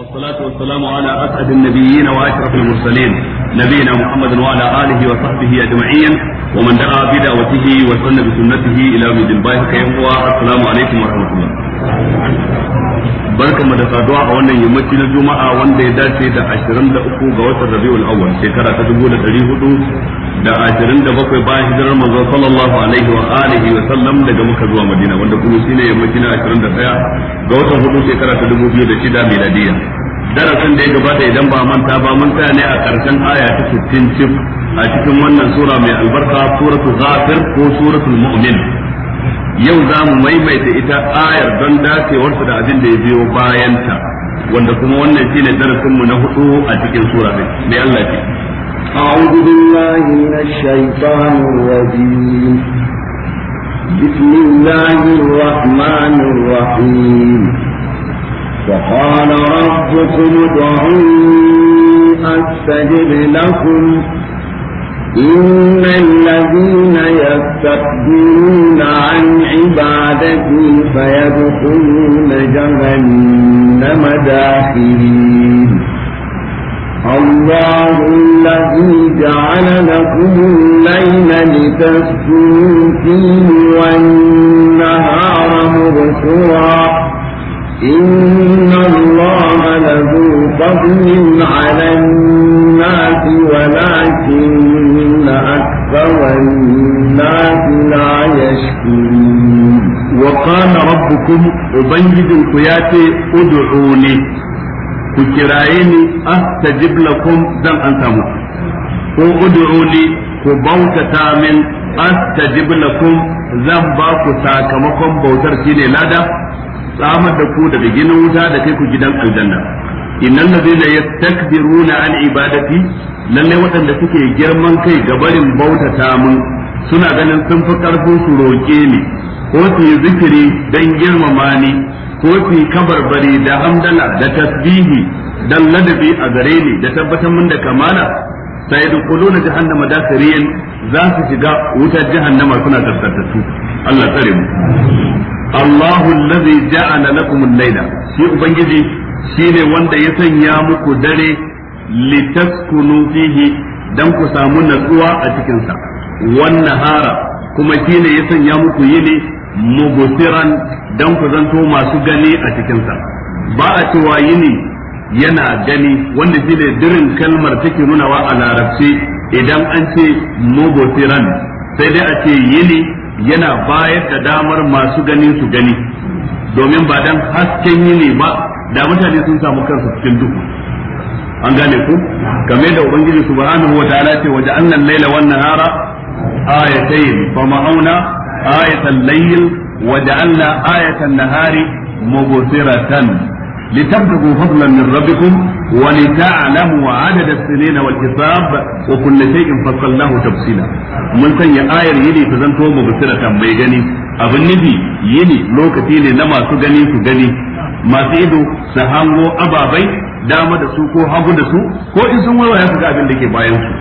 والصلاة والسلام على أسعد النبيين وأشرف المرسلين نبينا محمد وعلى آله وصحبه أجمعين ومن دعا بدعوته وسن بسنته الى يوم الدين بايك السلام عليكم ورحمه الله barkamu da saduwa a wannan yammaci na juma'a wanda ya dace da 23 ga watan rabiul awwal shekara ta 1400 da 27 bayan hijirar manzon sallallahu alaihi wa alihi wa sallam daga Makka zuwa Madina wanda kuma shine yammaci na 21 ga watan hudu shekara ta 2006 miladiyya darasin da ya gabata idan ba manta ba mun tsaya ne a karshen aya ta 60 cif a cikin wannan sura mai albarka suratul ghafir ko suratul mu'min yau za mu maimaita ita ayar don dacewarsa da abin da ya biyo bayanta wanda kuma wannan shine darasin mu na hudu a cikin sura mai mai Allah ce أعوذ بالله من الشيطان الرجيم بسم الله الرحمن الرحيم وقال ربكم ادعوني أستجب لكم إن الذين يستكبرون عن عبادتي فيدخلون جهنم داخلين الله الذي جعل لكم الليل لتسكنوا فيه والنهار مبصرا إن الله لذو فضل على الناس ولكن أكثر الناس لا يشكرون وقال ربكم أبنجدكم ياتي ادعوني كرايني أستجب لكم دم أنتم ادعوني كبوتة من أستجب لكم zan ba ku sakamakon bautar shine lada samar da ku daga ginin wuta da kai ku gidan aljanna innal ladina yastakbiruna an ibadati lalle waɗanda suke girman kai ga barin bautata mun suna ganin sun fi karfin su roƙe ni ko su yi zikiri dan girmama ni ko su yi kabarbari da hamdala da tasbihi dan ladabi a gare ni da tabbatar mun da kamala sai da kuluna jahannama da za su shiga wutar jahannama suna tsarkakatu Allah tsare mu Allahu allazi ja'ala lakum al-laila shi ubangiji shine wanda ya sanya muku dare litaskunu fihi dan ku samu natsuwa a cikin sa wan nahara kuma shine ya sanya muku yini mubsiran dan ku zanto masu gani a cikin sa ba a cewa yini yana gani wanda shine dirin kalmar take nunawa a larabci idan an ce mubsiran sai dai a ce yini yana bayar da damar masu gani su gani domin ba dan hasken yini ba da mutane sun samu kansu cikin duhu an gane ku game da ubangiji subhanahu wa ta'ala ce wa ja'alna nan laila wan nahara ayatayn fa ma'auna ayatan layl wa ja'alna ayatan nahari mubsiratan litabtagu fadlan min rabbikum ولتعلموا عدد السنين والحساب وكل شيء فصلناه تفصيلا من سن آير يلي تزنتو مبصرة mai gani abin nufi yini lokaci ne na masu gani su gani masu ido su hango ababai dama da su ko hagu da su ko in sun waiwaya su ga abin da ke bayan su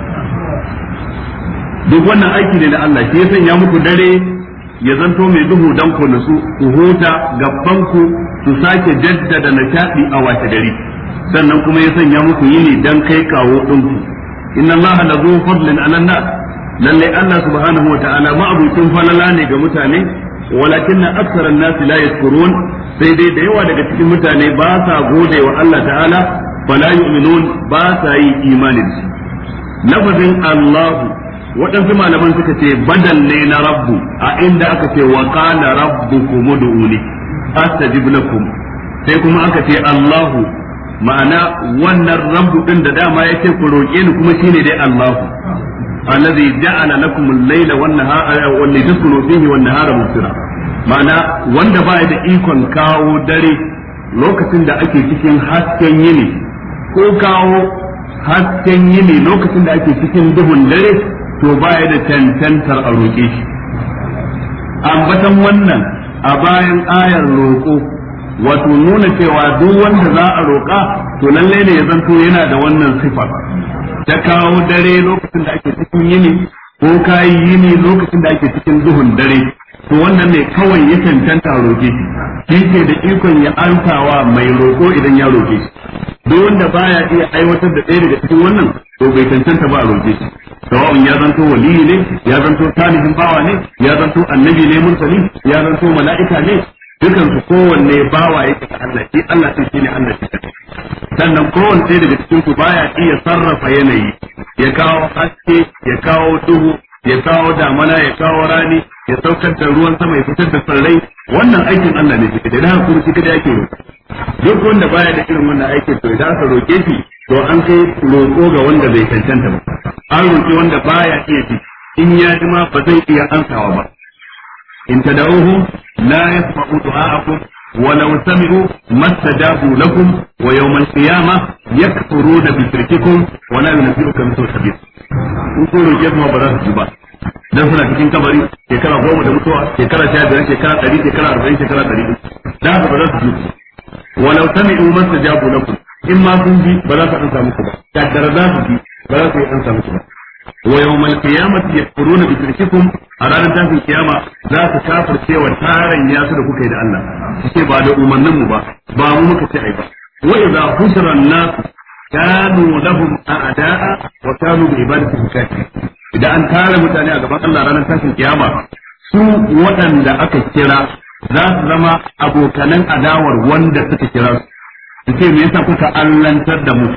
duk wannan aiki ne na Allah shi ya sanya muku dare ya zanto mai duhu dan ku nasu ku huta gaban ku su sake jaddada nishadi a wace gari. sannan kuma ya sanya muku yini dan kai kawo ɗinku inna allaha la zu fadlin ala nas lalle allah subhanahu wataala ma'abucin falala ne ga mutane walakinna aktharan nas la yashkurun sai dai da yawa daga cikin mutane ba sa gode wa allah ta'ala fala yu'minun ba sa yi imani da shi allahu waɗansu malaman suka ce badal ne na rabbu a inda aka ce wa qala rabbukum ud'uni astajib lakum sai kuma aka ce allahu ma'ana wannan rabu din da dama yake ku roƙe ni kuma shine dai Allahu allazi ja'ala lakum al-layla wan nahara eh, wal lidskunu fihi wan nahara mubsira ma'ana wanda ba da ikon kawo dare lokacin da ake cikin hasken yini ko kawo hasken yini lokacin da ake cikin duhun dare to baya da tantantar a roƙe shi ambatan wannan a bayan ayar roƙo wato nuna cewa duk wanda za a roƙa to lalle ne ya zanto yana da wannan sifa ta kawo dare lokacin da ake cikin yini ko kayi yini lokacin da ake cikin duhun dare to wannan ne kawai ya cancanta roƙe shi ke da ikon ya antawa mai roƙo idan ya roƙe shi duk wanda baya iya aiwatar da ɗaya daga cikin wannan to bai cancanta ba roƙe shi sawa'un ya zanto waliyi ne ya zanto talihin bawa ne ya zanto annabi ne mursali ya zanto mala'ika ne dukan su kowanne bawa yake da Allah shi Allah sai shine Allah shi sannan kowanne daga cikin ku baya iya sarrafa yanayi ya kawo haske ya kawo duhu ya kawo damana ya kawo rani ya saukar da ruwan sama ya fitar da tsirrai wannan aikin Allah ne shi da haka kuma shi kada yake duk wanda baya da irin wannan aikin to idan ka roke shi to an kai roƙo ga wanda bai cancanta ba an roƙi wanda baya iya shi in ya ji ma ba zai iya ansawa ba in tad'uhum la yasma'u du'a'akum ولو سمعوا ما استجابوا لكم ويوم القيامة يكفرون بشرككم ولا ينبئك مثل خبير وقولوا جمع براءة الجبال dan suna cikin kabari shekara goma da mutuwa shekara sha biyar shekara ɗari shekara arba'in shekara ɗari da haka ba za su ji walau sami'u man na lakum in ma sun ji ba za su an samu ku ba kaddara za su ji ba za su yi an samu ku ba wa yawmal qiyamati yakfuruna bi shirkikum a ranar tashin kiyama za su kafirce wa taran yasu da kuka yi da Allah sai ba da umarnin mu ba ba mu muka ce ai ba wa idza husira an-nas kanu lahum a'da'a wa kanu bi ibadatihim kafirin idan an tara mutane a gaban Allah ranar tashin kiyama su waɗanda aka kira za su zama abokanan adawar wanda suka kira su su ce me yasa kuka allantar da mu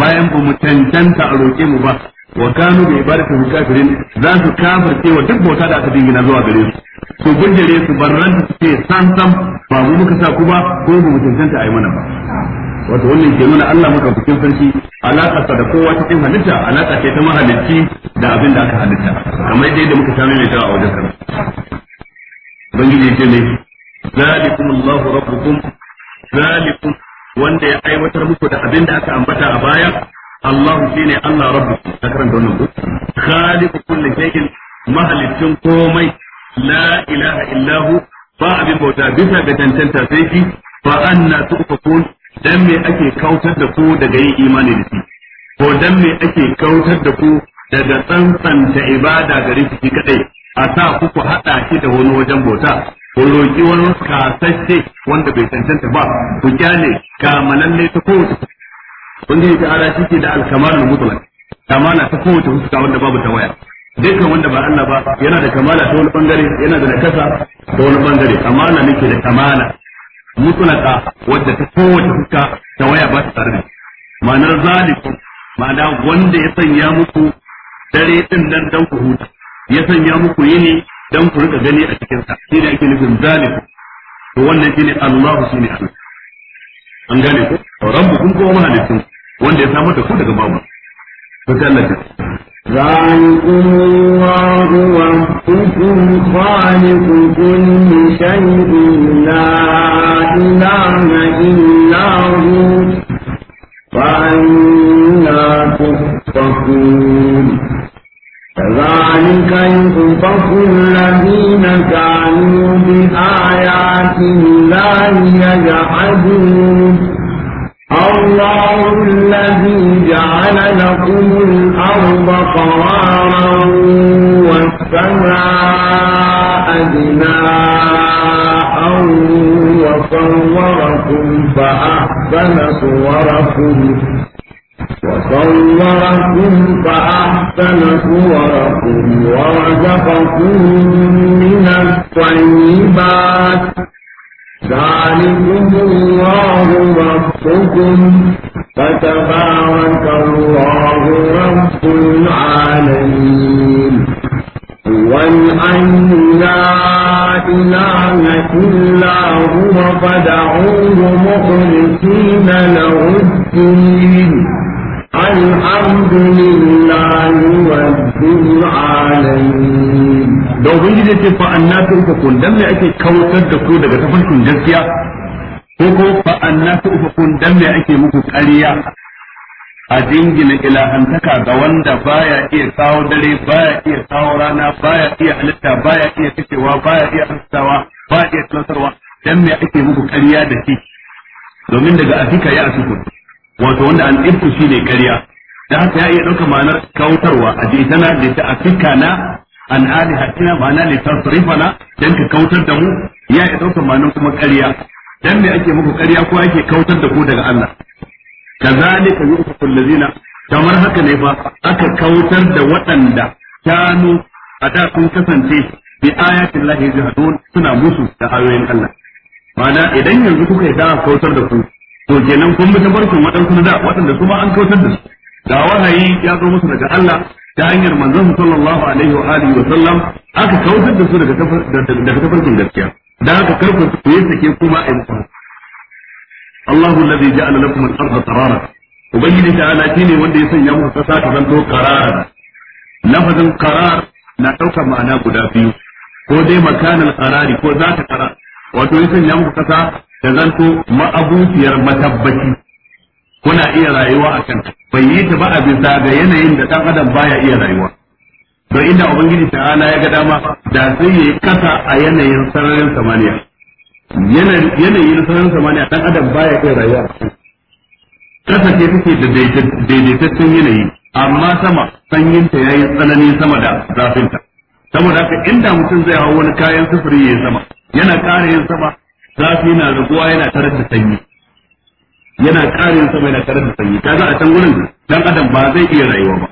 bayan ba mu cancanta a roƙe mu ba wa kanu bi ibadati kafirin za su ce wa duk bauta da aka dingina zuwa gare su su gundare su barran su ce san san ba mu muka sa ku ba ko mu mutuntanta ayi mana ba wato wannan ke nuna Allah maka bikin sarki alaka ta da kowa cikin halitta alaka ce ta mahalicci da abin da aka halitta kamar yadda muka sami mai ta a wajen sarki bangiji ce ne zalikumullahu rabbukum zalikum wanda ya aiwatar muku da abin da aka ambata a baya Allahu shine Allah rabbu ta karanta wannan ko khaliqu kulli shay'in mahalicin komai la ilaha illahu ba abin bauta bisa ga tantanta sai shi fa anna tu'fakun dan me ake kautar da ku daga yin imani da shi ko dan me ake kautar da ku daga tsantsanta ibada gare shi kadai a sa ku ku hada shi da wani wajen bota? ku roki wani kasashe wanda bai tantanta ba ku kyale kamalan ne ta kowace ubangiji ta ala shi ke da alkamalul mutlaq kamala ta kowace fuska wanda babu tawaya dukkan wanda ba Allah ba yana da kamala ta wani bangare yana da nakasa ta wani bangare amma Allah ne ke da kamala mutlaka wadda ta kowace fuska tawaya ba ta tare ma'anar zalikum ma'ana wanda ya sanya muku dare din nan dan ku huta ya sanya muku yini dan ku rika gani a cikin sa shi ne ake nufin zalikum to wannan shine Allah shine Allah an gane ko kun ko mahalicin wanda ya samu da ku daga babu to Allah kariya a dingina ilahantaka ga wanda baya iya kawo dare baya iya kawo rana baya iya halitta baya iya kashewa baya iya halittawa baya iya tunatarwa dan me ake muku kariya da shi domin daga afika ya asuku wato wanda an ɗinku shi ne kariya da haka ya iya ɗauka ma'anar kautarwa a jitana da ta afika na an hatina ma'ana li tasrifana dan ka kautar da mu ya iya ɗauka ma'anar kuma kariya dan me ake muku kariya ko ake kautar da ku daga Allah kazalika yu'tu zina. kamar haka ne fa aka kautar da waɗanda kanu a da sun kasance bi ayatin lahi jahadun suna musu da ayoyin Allah Mana idan yanzu kuka yi da kautar da ku to kenan kun bi ta barkin waɗansu da waɗanda kuma an kautar da su Da wahayi ya zo musu daga Allah ta hanyar manzon sallallahu alaihi wa alihi wa sallam aka kautar da su daga daga tafarkin gaskiya dan haka karku ku yi sake kuma ayyuka Allahu alladhi ja'ala lakum al-ardha qarara ubangiji ta'ala shine wanda ya sanya muku kasa ta zanto qarara lafazin qarar na ɗaukar ma'ana guda biyu ko dai makanal qarari ko zata qara wato ya sanya muku kasa ta zanto ma'abuciyar matabbaci kuna iya rayuwa a kanta bai yi ta ba a bisa ga yanayin da dan adam baya iya rayuwa don inda ubangiji ta'ala ya ga dama da sai ya kasa a yanayin sararin samaniya yanayi na sanar samaniya dan adam baya kai rayuwa kasa ke take da daidaitaccen yanayi amma sama sanyinta yayi tsanani sama da zafinta saboda haka inda mutum zai hawo wani kayan sufuri yi sama yana ƙara yin sama zafi na raguwa yana tarar da sanyi yana ƙara yin sama yana tarar da sanyi kaga a can wurin dan adam ba zai iya rayuwa ba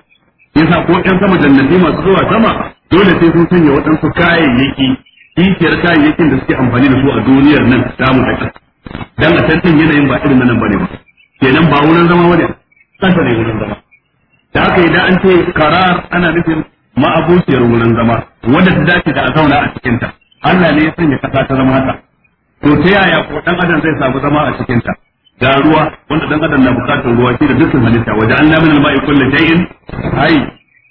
yasa ko ƴan sama jannati masu zuwa sama dole sai sun sanya waɗansu kayayyaki kikiyar kayayyakin da suke amfani da su a duniyar nan samu da kasa dan a tantin yanayin ba irin nan bane ba kenan ba wurin zama bane kasa ne wurin zama da yi da an ce karar ana nufin ma'abociyar wurin zama wadda ta dace da a zauna a cikin Allah ne ya sanya kasa ta zama haka to ta yaya ko dan adam zai samu zama a cikin ta ruwa wanda dan adam na bukatar ruwa shi da dukkan halitta waje an lamin al-ma'i ai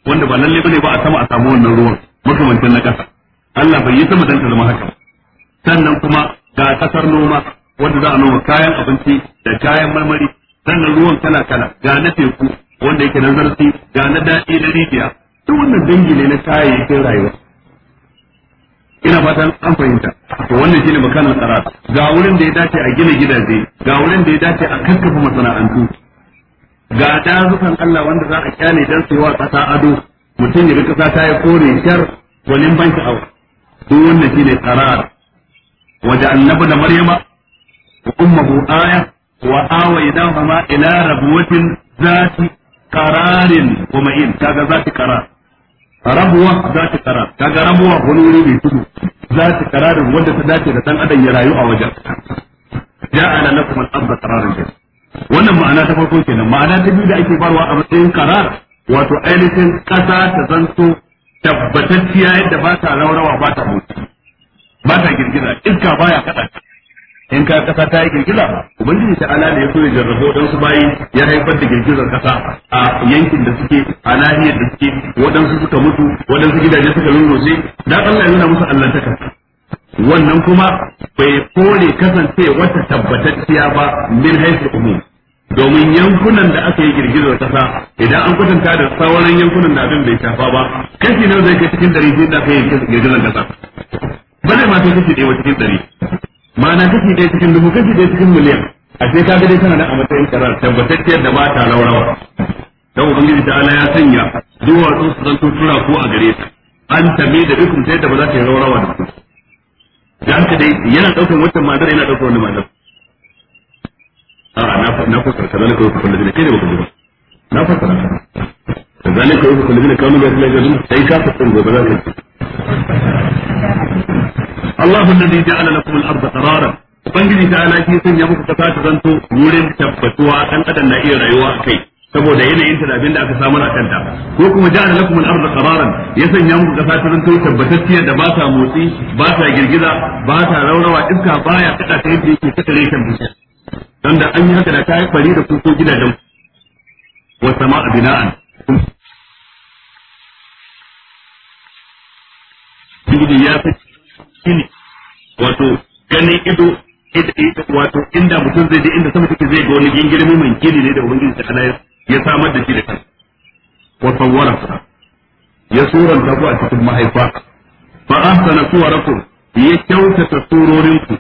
wanda ba lalle bane ba a sama a samu wannan ruwan makamancin na kasa Allah bai yi sama dan ta zama haka sannan kuma ga kasar noma wanda za a noma kayan abinci da kayan marmari sannan ruwan kala kala ga na teku wanda yake na zarfi ga na daɗi na rijiya duk wannan dangi ne na kayayyakin rayuwa ina fatan an fahimta to wannan shine makanan tsara ga wurin da ya dace a gina gidaje ga wurin da ya dace a kakkafa masana'antu ga dazukan Allah wanda za a kyale dan su wa kasa ado mutum ya ga kasa ta ya kore shar gwanin ban sha'awa duk shi ne qarar waje annabi da maryama wa ummuhu aya wa awaynahuma ila rabwatin zati qararin wa ma'in kaga zati qarar rabuwa zati qarar kaga rabuwa wani wuri mai tudu zati qararin wanda ta dace da dan adam ya rayu a wajen ja'ala lakum al-ardha qararin wannan ma'ana ta farko kenan ma'ana ta biyu da ake farwa a matsayin qarar wato ainihin kasa ta zanto tabbatacciya yadda ba ta raurawa ba ta motsi ba ta girgiza iska baya kada in ka kasa ta yi girgiza ubangiji ta ala ne ya so ya jarrabo wadansu bayi ya haifar da girgizar kasa a yankin da suke a nahiyar da suke wadansu suka mutu wadansu gidaje suka lullushe dan Allah ya nuna musu allantaka wannan kuma bai kore kasance wata tabbatacciya ba min haifar umu domin yankunan da aka yi girgizar kasa idan an kwatanta da sauran yankunan da abin bai shafa ba kashi nawa zai kai cikin dari sai da aka yi girgizar kasa ba zai ma kai kashi ɗaya cikin dari ma'ana kashi ɗaya cikin dubu kashi ɗaya cikin miliyan a sai ka ga dai tana nan a matsayin karar tabbatacciyar da ba ta raurawa dan ubangiji ta ala ya sanya duwatsun su zanto tura ko a gare ta an tabe da dukkan ta yadda ba za ta yi laurawa da su dan ka dai yana daukar wata madara yana daukar wani madara a'a na na fasara kaza ne ko kullu ladina kai ne ba na kullu na fasara kaza ne ko kullu ladina kanu ga kullu ladina sai ka fasara gobe za ka Allah alladhi ja'ala lakum al-ard qararan ubangiji ta ala ki sanya muku kasa ta zanto wurin tabbatuwa dan adam na iya rayuwa kai saboda yanayin ta da abin da aka samu a kanta ko kuma ja'ala lakum al-ard qararan ya sanya muku kasa ta zanto tabbatacciya da ba ta motsi ba ta girgiza ba ta raurawa iska baya kada ta yadda ke kada reshen bishiya don da an yi haka da ta yi fari da kuko gidajen wa sama'a bina'an gidi ya fi shine wato ganin ido wato inda mutum zai je inda sama take zai ga wani gingirmi mai gini ne da Ubangiji ta kana ya samar da shi da kansa wa sawwara ya suranta ku a cikin mahaifa fa ahsana suwarakum ya kyautata surorinku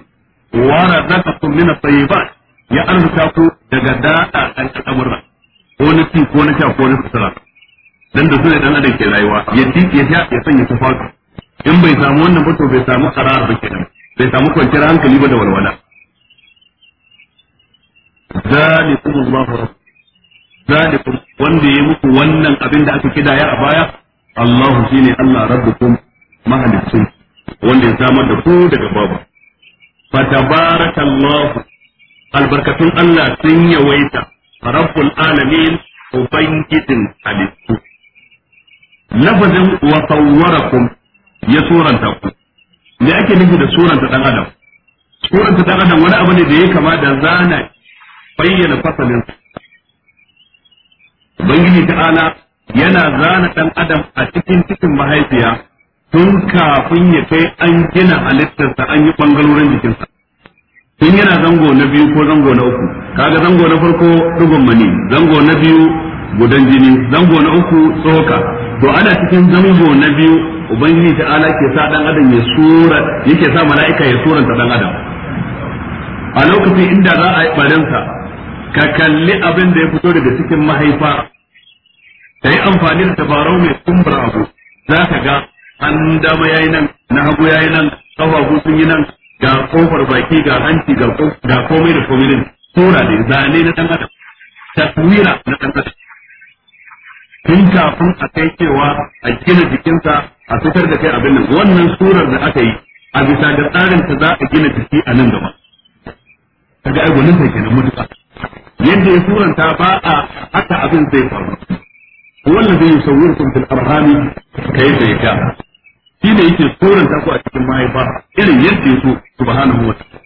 wa razaqakum min at-tayyibat ya arzuta ku daga da'a an al'amurra ko na ci ko na sha ko na sutura dan da su ne dan adam ke rayuwa ya ci ya sha ya sanya fa in bai samu wannan ba to bai samu karara ba kenan bai samu kwanciyar hankali ba da walwala zalikum Allahu zalikum wanda ya muku wannan abin da aka kidaya a baya Allahu shine Allah rabbukum mahalicin wanda ya samar da ku daga babu fatabarakallahu albarkatun Allah sun yawaita rabbul alamin ubangijin halittu lafazin wa sawwarakum ya suranta ku me ake nufi da suranta dan adam suranta dan adam wani abu ne da ya kama da zana bayyana fasalin ubangiji ta'ala yana zana ɗan adam a cikin cikin mahaifiya tun kafin ya kai an gina halittarsa an yi bangalorin jikinsa in yana zango na biyu ko zango na uku kaga zango na farko dugun mani zango na biyu gudan jini zango na uku tsoka to ana cikin zango na biyu ubangiji ta'ala ke sa dan adam ya sura yake sa mala'ika ya suranta dan adam a lokacin inda za a yi barinsa ka kalli abin da ya fito daga cikin mahaifa ka yi amfani da tabarau mai kumbura abu za ka ga an dama yayi nan na hagu yayi nan kafafu sun yi nan ga kofar baki ga hanci ga komai da komai din tura ne zane na dan adam taswira na dan adam tun kafin a kai cewa a gina jikinsa a fitar da kai abin nan wannan surar da aka yi a bisa da tsarin ta za a gina jiki a nan gaba daga ai gwanin sai kenan mutuka yadda ya suranta ba a haka abin zai faru wannan zai yi sauyin fil arhami kai da ya shi ne yake koranta ku a cikin mahaifa irin yadda ya subhanahu wa ta'ala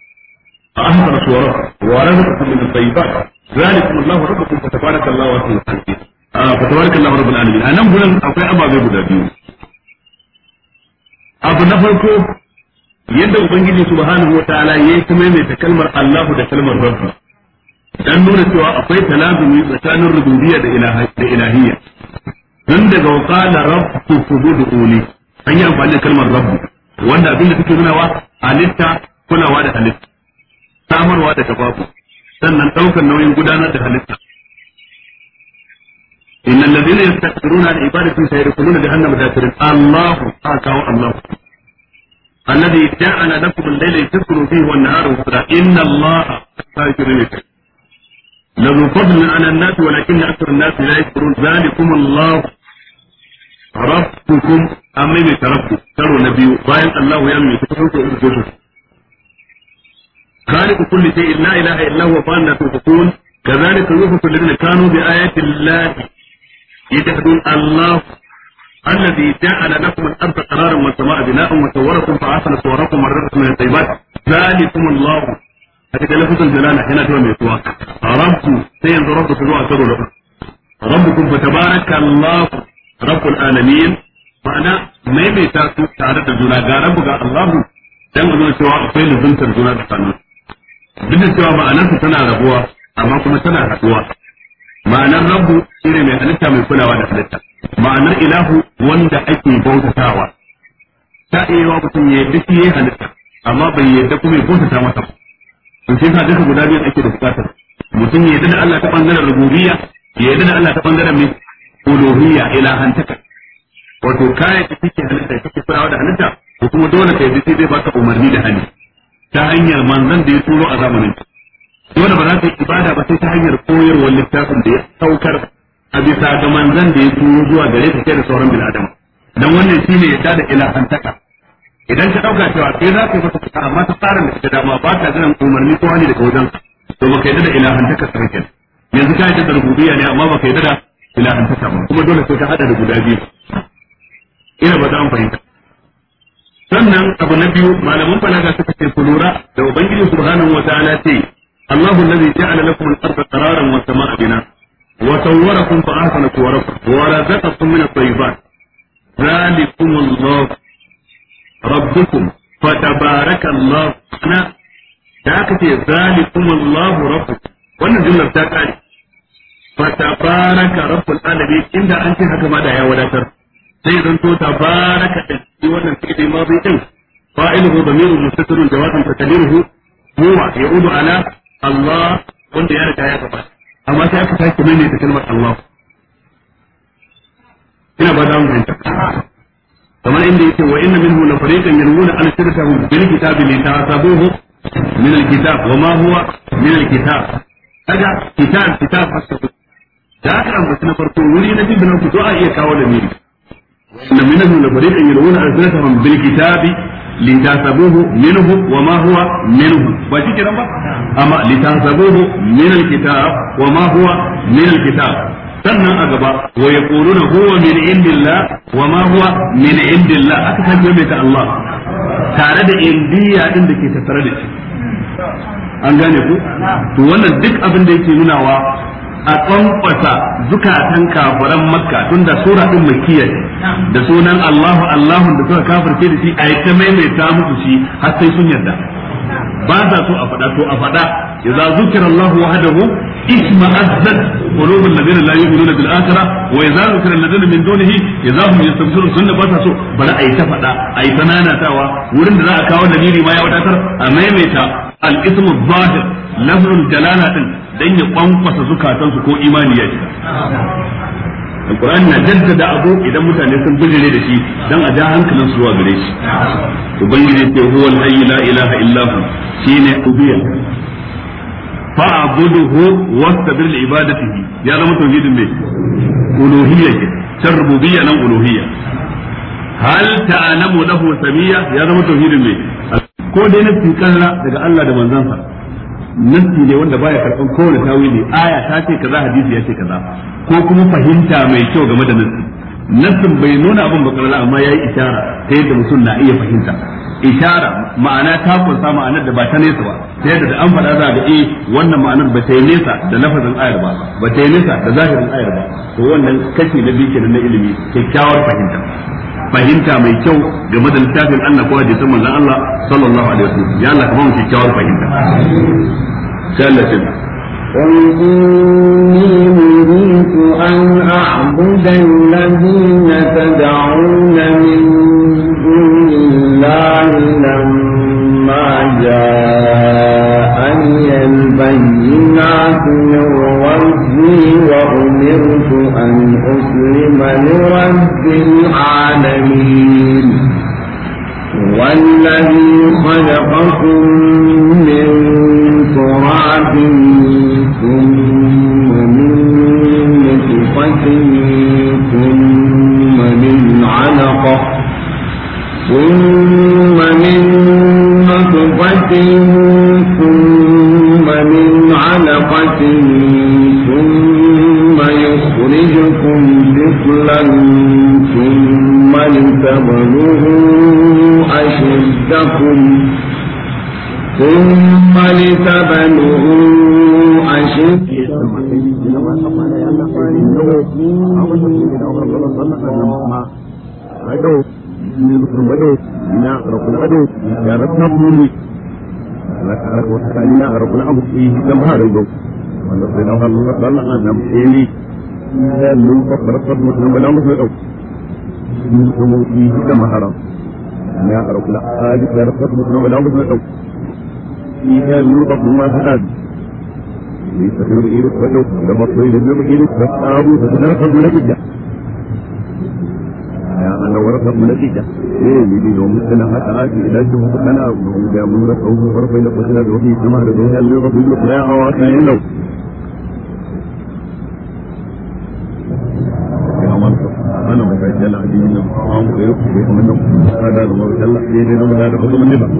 a ahsar suwara wa razaqakum min at-tayyibat zalikum Allahu rabbukum fa tabaraka Allahu wa ta'ala a fa tabaraka Allahu rabbul alamin anan gurin akwai ababe guda biyu abu na farko yadda ubangiji subhanahu wa ta'ala yayi ta kalmar Allahu da kalmar rabbu dan nuna cewa akwai talazumi tsakanin rububiyya da ilahiyya dan daga waqala rabbukum fududuni an yi amfani da kalmar rabu. wanda abin da suke nunawa halitta wa da halitta samarwa da tafafu sannan ɗaukar nauyin gudanar da halitta inna alladhina yastakbiruna an ibadati sayadkhuluna da dakirin allahu akaw allah alladhi ja'ala lakum al-layla taskunu fihi wan nahara usra inna allaha sakirun lahu fadlun 'ala an-nasi walakinna akthara an-nasi la yashkurun dhalikum allah rabbukum an maimaita rabbu karo na الله bayan Allahu ya maimaita karo خالق كل شيء لا اله الا هو فانا تؤفكون كذلك يؤفك الذين كانوا بآيات الله يتحدون الله الذي جعل لكم الارض قرارا والسماء بناء وصوركم فاحسن صوركم ورزقكم من الطيبات ذلكم الله هكذا لفظ الجلالة هنا تقول ميتوا ربكم سينزل ربكم جوا ربكم فتبارك الله رب العالمين ma'ana maimaita su tare da juna ga rabu ga Allahu dan zo cewa akwai lubuntar juna da duk da cewa ma'anar su tana rabuwa amma kuma tana haduwa ma'anar rabu shine mai halitta mai kulawa da halitta ma'anar ilahu wanda ake bautatawa ta iya wa mutum ya yadda halitta amma bai yadda kuma ya bautata masa ba to sai duka guda biyu ake da bukatar mutum ya yadda da Allah ta bangaren rububiyya ya yadda da Allah ta bangaren mai uluhiyya ilahantaka wato kayan da suke halitta kake kulawa da halitta ko kuma dole ka yi zai baka umarni da hali ta hanyar manzon da ya turo a zamanin dole ba za ka yi ibada ba sai ta hanyar koyarwar littafin da ya saukar a bisa ga manzon da ya turo zuwa gare ka kai da sauran bil adama dan wannan shine ya da ilahantaka idan ka dauka cewa sai za ka yi masa amma ta tsarin da ka dama ba ka jiran umarni ko hali daga wajen to ka yi da ilahantaka sai kenan yanzu ka yadda da rububiyya ne amma baka yadda da ilahantaka ba kuma dole sai ka hada da guda biyu ina ba za mu fahimta sannan abu na biyu malaman balaga suka ce ku lura da ubangiji subhanahu wataala ce Allahu allazi ja'ala lakum al-ardha qararan wa samaa bina wa sawwarakum fa ahsana suwarakum wa razaqakum min at-tayyibat ذلكم الله ربكم فتبارك الله أنا ذاك ذلكم الله ربكم وانا جملة تاكاري فتبارك رب العالمين إن أنت حكما ده يا ولاتر zai zanto tabaraka din shi wannan fi'li madi din fa'iluhu damirun mustatirun jawazan takdiruhu huwa ya'udu ala Allah wanda ya riga ya gabata amma sai aka sake mai ta kalmar Allah ina ba da mun ta kamar inda yake wa inna minhu la fariqan yarmuna an shirkahu bil kitabi li ta'tabuhu min al kitab wa ma huwa min al kitab kaga kitab kitab hasabu da aka ambata na farko wuri na bibin ku ku a iya kawo da miri إن منهم لفريقا يلوون ألسنتهم بالكتاب لتحسبوه منه وما هو منه باشي كده أما لتحسبوه من الكتاب وما هو من الكتاب sannan a gaba wa ya na huwa min indillah wa ma huwa min indillah aka hajjo mai ta Allah tare da indiya din da ke tattare da shi an gane ku to wannan duk abin da yake nunawa a kwamfasa zukatan kafuran makka tunda sura din makkiya da sunan Allahu Allahu da suka kafirce da shi a yi ta maimaita musu shi har sai sun yarda ba za su a faɗa to a faɗa idza zukira Allahu wahdahu isma azzat qulubul ladina la yu'minuna bil akhirah wa idza zukira alladina min dunihi idza hum yastabshirun sunna ba ta so bari ta faɗa ayi ta nanatawa wurin da za a kawo dalili ma ya wadatar a maimaita al ismu zahir lafzul jalala din dan ya kwankwasa zukatansu ko imani ya shiga alkur'ani na jaddada abu idan mutane sun bijire da shi don a ja hankalin su zuwa gare shi ubangiji ce huwa alhayy la ilaha illa hu shine ubiya fa'buduhu wastabir li ibadatihi ya zama tauhidin me uluhiyya ke can rububiyya nan uluhiyya hal ta'lamu lahu samiyya ya zama tauhidin me ko dai na cikin daga Allah da manzansa nassi ne wanda baya karban kowane tawili aya ta ce kaza hadisi ya ce kaza ko kuma fahimta mai kyau game da nassi nassin bai nuna abin bakarala amma yayi ishara ta yadda mutum na iya fahimta ishara ma'ana ta kunsa ma'anar da ba ta nesa ba ta yadda da an faɗa za ga eh wannan ma'anar ba ta yi nesa da lafazin ayar ba ba ta yi nesa da zahirin ayar ba to wannan kashi na biyu na ilimi kyakkyawar fahimta fahimta mai kyau game da littafin Allah ko hadisin manzon Allah sallallahu alaihi wasallam ya Allah ka mu kyakkyawar fahimta sai Allah ya قل إني نهيت أن أعبد الذين تدعون من دون الله لما علي آيَةً البينات من ربي وأمرت أن أسلم لرب العالمين والذي خلقكم من تراب ثم من نطفة ثم من علقة ثم من نطفة ثم من علقة ثم يخرجكم طفلا ثم لتبلغوا أشدكم ثم لتبلغوا أشدكم وتسألنا ربنا أبو إيه كم هاربو ونصينا الله صلى أنا إيه لأنه فقر الصدم ولا مصير أبو إيه كم هارب يا ربنا آجد يا رب الصدم ولا مصير أبو إيه لأنه ما هارب ليس خير إيه لما تصير لما إيه فقابوا فتنافذوا لك الجحر تم نتيجة إيه يدي دوم سنة حتى عاد إلى شهر سنة وإذا من رفعه فرفع إلى قتلة وفي سماء رضيها اللي رفع القلاع وعسين لو أنا مفاجئ لا أدين أم غيره بهم منهم هذا المرء جل جل من هذا هذا من نبأ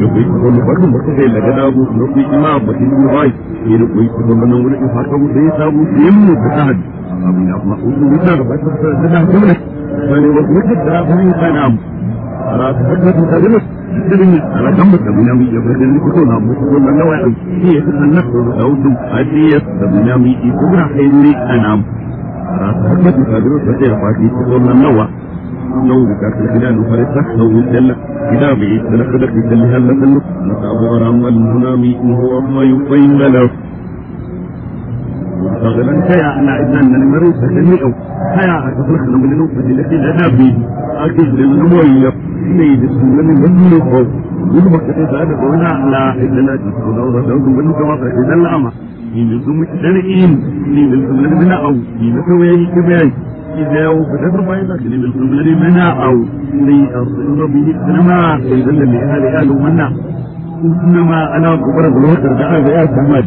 يلقي كل برد مرتب إلى جناب يلقي ما بسيط مراي يلقي كل من نور يفاقه بيسابه يمن بتاعد أمين أسمع أسمع بتاعد بس بس بس ولكن هناك هناك هناك هناك هناك هناك هناك هناك هناك هناك هناك هناك هناك هناك هناك هناك هناك من من من من من من من من من من من من من من من من من الدبنامي يفرد لكتون أبو كتون النوائي هي النفس الأود هناك الدبنامي من حيني أنام رقم الدبنامي فتير فاتي كتون النوى نوم هناك الخلال من نوم الجنة إذا بعيد لقدر بجلها لسنة نتابع رام هناك وهو من يطين له daga nan ta ya ana idan nan mari ta da ni au ta ya aka fara da mun nufa da lake da nabi ake da mun moyi ya ne da sunan mun ne ko mun ba ka ta da gona ala idan na ko da da mun ka ma fara idan lama ni da sun mu dan in ni da sunan mun au ni da kawai ki bayani إذا وفتت ما يذكر بالقبل منا أو لربه إنما إذا لم يهل أهل منا إنما أنا كبر بالوتر دعا يا محمد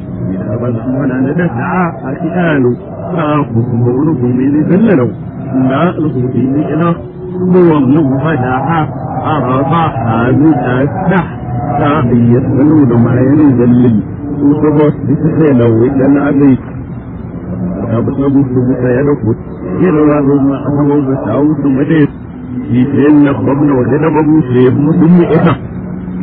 يتبسمون لدسعى أشيان فأخذهم ورهم إذ ذللوا لا الخزي إله ومن فجعها أربعها من أسح شعبي يسألون ما يليد اللي وتبص بسخيلة وإذن عليك أبصبوا سبسا يلفت يلوه ما أهوه بسعود مدير يتين نخبنا وجد بابو سيب مسلم إحنا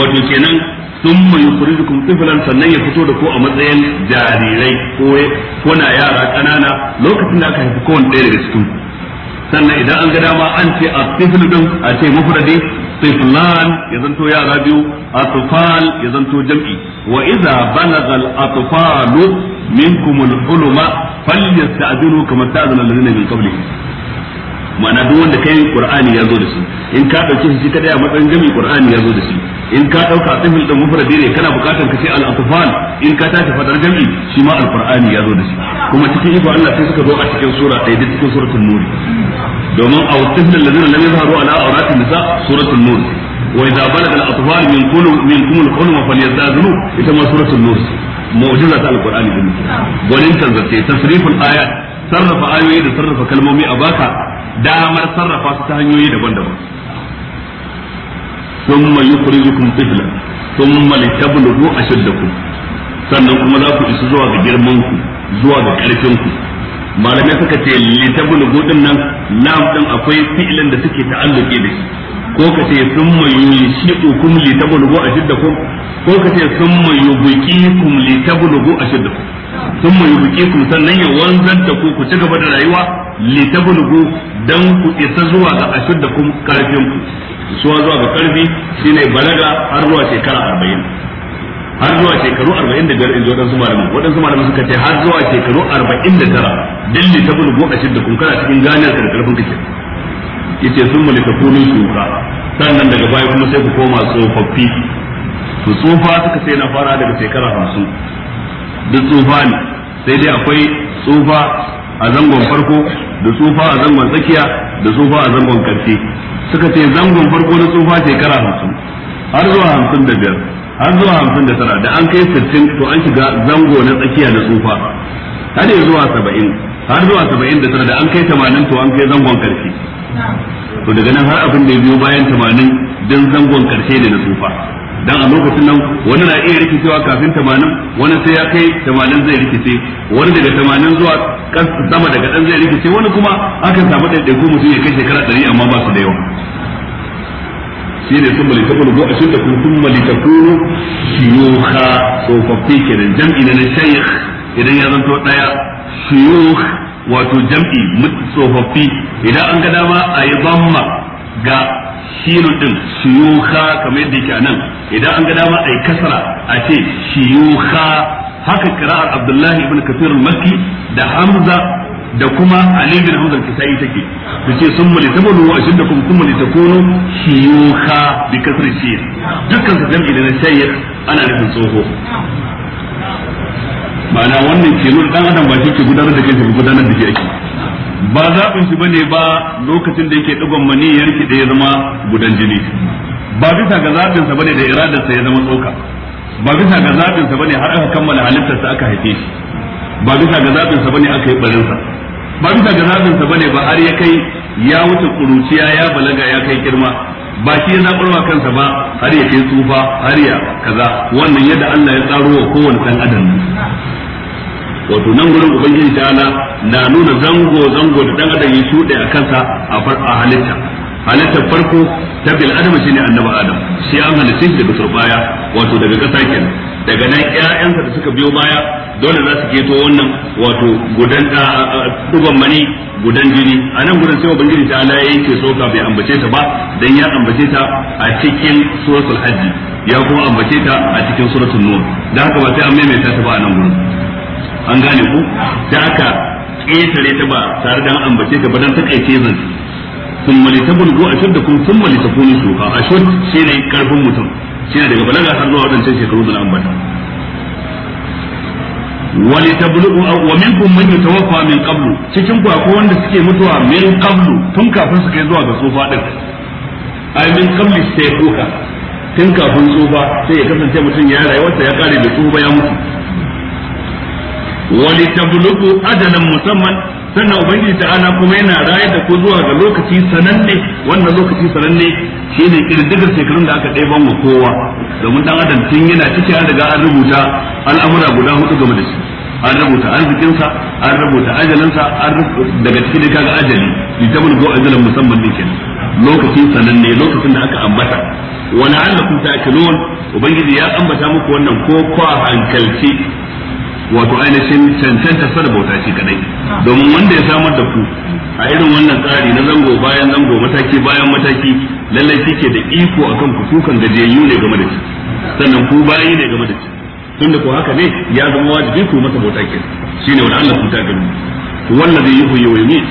wato kenan thumma yukhrijukum tiflan sannan ya fito da ko a matsayin jarirai ko kuna yara kanana lokacin da aka haifi kowanne ɗaya daga cikin sannan idan an ga dama an ce a tiflu din a ce mufradi tiflan ya zanto yara biyu atfal ya zanto jam'i wa idza balagha al atfalu huluma falyasta'dinu kama ta'dana alladhina min qablihim ma'ana duk wanda kai qur'ani ya zo da shi in ka dauke shi kadai a matsayin gami qur'ani ya zo da shi in ka dauka sifil da mufradi ne kana bukatan ka ce al atfal in ka tashi fadar gami shi ma al qur'ani ya zo da shi kuma cikin iko Allah sai suka zo a cikin sura ɗaya da cikin suratul nur domin a sifil ladina lam yazharu ala awratin nisa suratul nur wa idza balaga al atfal minkum minkum al khulma falyazdazu ita ma suratul nur mu'jiza ta alqur'ani din gwanin tanzace tasriful ayat sarrafa ayoyi da sarrafa kalmomi a baka damar sarrafa su ta hanyoyi daban-daban Sun thumma yukhrijukum tiflan thumma litablughu ku. sannan kuma za ku isu zuwa ga girman ku zuwa ga karfin ku malamai suka ce litabulughu din nan lam din akwai fi'ilin da suke ta'alluqi da shi ko ka ce sun thumma yunshiqukum litabulughu ku, ko ka ce sun thumma yubqikum litabulughu ku. sun mu yubuki ku sannan ya wanzar da ku ku ci gaba da rayuwa litablugu dan ku isa zuwa ga ashuddakum karfin ku suwa zuwa ga karfi shine balaga har zuwa shekara 40 har zuwa shekaru 45 inji wadansu malaman wadansu malaman suka ce har zuwa shekaru 49 dan litablugu kun kana cikin ganiyar da karfin kake yace sun mu litakunu shuka sannan daga baya kuma sai ku koma tsofaffi su tsofa suka sai na fara daga shekara 50 duk tsufa ne sai dai akwai tsufa a zangon farko da tsufa a zangon tsakiya da tsufa a zangon karshe suka ce zangon farko na tsufa shekara hamsin har zuwa hamsin da biyar har zuwa hamsin da tara da an kai sittin to an shiga zango na tsakiya da tsufa har ya zuwa saba'in har zuwa saba'in da tara da an kai tamanin to an kai zangon karshe to daga nan har abin da ya biyo bayan tamanin don zangon karshe ne na tsufa dan a lokacin nan wani na iya rikicewa kafin 80 wani sai ya kai 80 zai rikice wani daga 80 zuwa sama daga dan zai rikice wani kuma akan samu ɗaiɗaiku mutum ya kai shekara ɗari amma ba su da yawa shi ne sun ta kuma zuwa shi da kuma sun malita kuma shiyuha tsofaffi kenan jam'i na na idan ya zanto ɗaya shiyuh wato jam'i tsofaffi idan an ga dama a yi bamma ga shinun din shiyuha kamar yadda yake nan idan an ga dama ai kasara a ce shiyuha haka kira'ar Abdullahi ibn Kathir al-Makki da Hamza da kuma Ali bin Hamza al-Kisai take su ce sun mali tabulu wa shin da kuma kun mali takunu shiyuha bi kasar shiy dukkan su jam'i da na shayyar ana nufin tsoho ma'ana wannan ke nuna dan adam ba shi ke gudanar da kansa gudanar da shi ake ba zaɓin shi bane ba lokacin da yake ɗigon mani ya da ya zama gudan jini ba bisa ga zaɓin sa bane da iradarsa ya zama tsoka ba bisa ga zaɓin sa bane har aka kammala halittar sa aka haife shi ba bisa ga zaɓin sa bane aka yi barin sa ba bisa ga zaɓin sa bane ba har ya kai ya wuce kuruciya ya balaga ya kai girma ba shi ya zaɓar wa kansa ba har ya kai tsufa har ya kaza wannan yadda Allah ya tsaro wa kowane ɗan adam wato nan gurin ubangiji ta'ala na nuna zango zango da dan adam ya shuɗe a kansa a far'a halitta halitta farko ta bil adam shine annabi adam shi an halitta shi daga baya wato daga kasa kenan daga nan ƴaƴansa da suka biyo baya dole za su keto wannan wato gudan dugon mani gudan jini a nan gurin sai ubangiji ta ala yake soka bai ambace ta ba dan ya ambace ta a cikin suratul hajji ya kuma ambace ta a cikin suratul nur dan haka ba sai an maimaita ta ba a nan gurin an gane ku da aka ƙetare ta ba tare da an ambace ta ba dan ce zan sun mali ta bulgo a shudda kun sun mali ta kuni su a shud shi ne karfin mutum shi ne daga balaga har zuwa wadancan shekaru da ambata Wani ta bulgo wa minkum man yatawaffa min qablu cikin ku akwai wanda suke mutuwa min qablu tun kafin su kai zuwa ga sofa din ai min qabli sai kuka tun kafin tsufa sai ya kasance mutum ya rayuwarsa ya kare da tsufa ya mutu Wani tabluku ajalan musamman sannan ubangiji ala kuma yana rayar da ku zuwa ga lokaci sananne wannan lokaci sananne shine kirdigar shekarun da aka ɗaiban wa kowa domin dan adam tun yana ciki an riga an rubuta al'amura guda hudu game da shi an rubuta arzikinsa an rubuta ajalinsa an daga cikin da kaga ajali ni ta bulgo ajalan musamman ne kenan lokaci sananne lokacin da aka ambata wani wa la'allakum ta'qilun ubangiji ya ambata muku wannan ko kwa hankalci wato ainihin cancanta sa da bauta shi kadai domin wanda ya samar da ku a irin wannan tsari na zango bayan zango mataki bayan mataki lallai kike da iko akan ku kukan gajiyayyu ne game da shi sannan ku bayi ne game da shi da ku haka ne ya zama wajibi ku masa bauta ke ne wani Allah ku ta gani wallazi yi wa yumit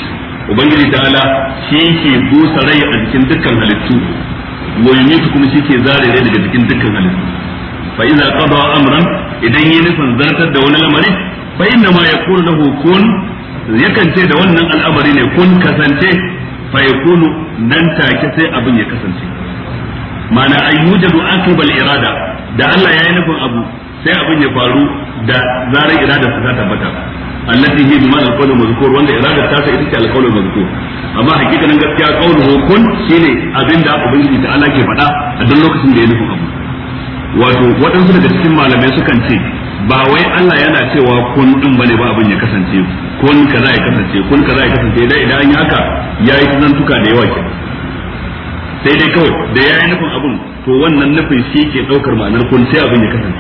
ubangiji ala shi ke busa rai a cikin dukkan halittu wani yumit kuma shi ke zare rai daga cikin dukkan halittu fa idza qada amran idan yi nufin zartar da wani lamari fa inna ma yaqulu lahu kun yakan ce da wannan al'amari ne kun kasance fa yakunu nan take sai abin ya kasance ma'ana ayyujadu akibal irada da Allah ya yi nufin abu sai abin ya faru da zarar irada ta tabbata allati hi bi ma'al qawlu mazkur wanda irada ta sa ita ce al qawlu mazkur amma hakikanin gaskiya qawluhu kun shine abinda ubangiji da Allah ke faɗa a duk lokacin da ya nufi abu wato waɗansu daga cikin malamai sukan ce ba wai Allah yana cewa kun din bane ba abin ya kasance kun kaza ya kasance kun kaza ya kasance dai idan an yi haka yayi zantuka da yawa kenan sai dai kawai da yayi nufin abin to wannan nufin shi ke daukar ma'anar kun sai abin ya kasance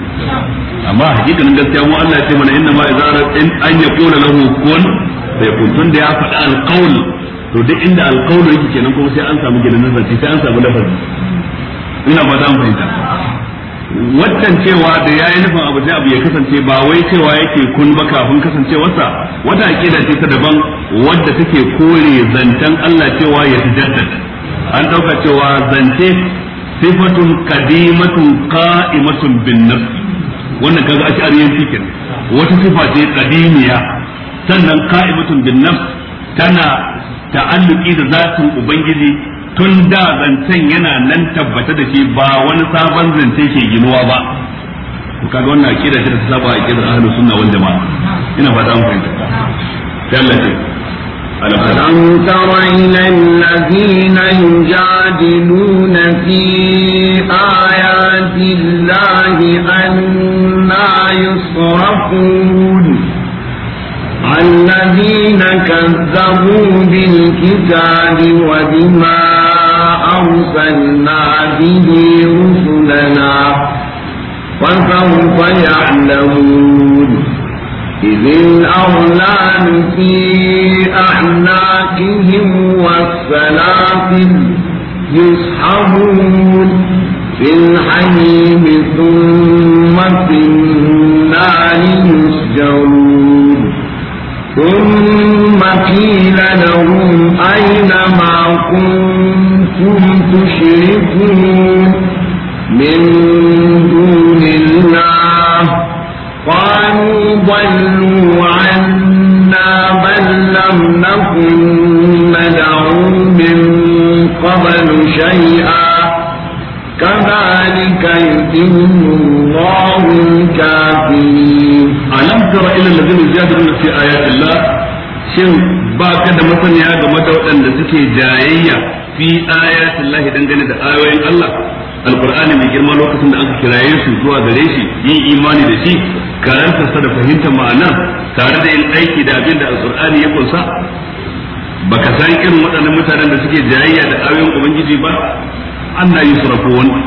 amma hakikanin gaskiya mu Allah ya ce mana inna ma idza in an yaqula lahu kun sai kun tun da ya faɗa alqaul to duk inda alqaul yake kenan kuma sai an samu gidan nazarci sai an samu lafazi ina ba za mu fahimta waccan cewa da yayi nufin abu abu ya kasance ba wai cewa yake kun ba kafin kasancewarsa wata aqida ce ta daban wadda take kore zantan Allah cewa ya tajaddad an dauka cewa zance sifatun qadimatun qa'imatun bin nafs wannan kaga ash'ariyanci cikin wata sifa ce qadimiya sannan qa'imatun bin nafs tana ta'alluki da zatin ubangiji tun da zancen yana nan tabbata da shi ba wani sabon zance ke ginuwa ba to kaga wannan akida ce da ta saba akidar ahlus sunna wal jamaa ina fata an fahimta sai ألم تر إلى الذين يجادلون في آيات الله أنا يصرفون الذين كذبوا بالكتاب وبما أرسلنا به رسلنا فسوف يعلمون إذ الأغلال في أعناقهم والسلاسل يسحبون في الحميم ثم في النار يسجرون ثم قيل لهم أين ما كنتم كنتم تشركون من دون الله قالوا ضلوا عنا بل لم نكن ندعو من قبل شيئا كذلك يتم الله الكافرين ألم تر إلى الذين يجادلون في آيات الله شن باك da masaniya game da waɗanda suke jayayya fi ayatin lahi dangane da ayoyin Allah alqur'ani mai girma lokacin da aka kiraye su zuwa gare shi yin imani da shi karanta sa da fahimta ma'ana tare da yin aiki da abin da alqur'ani ya kunsa baka san irin waɗannan mutanen da suke jayayya da ayoyin ubangiji ba anna wani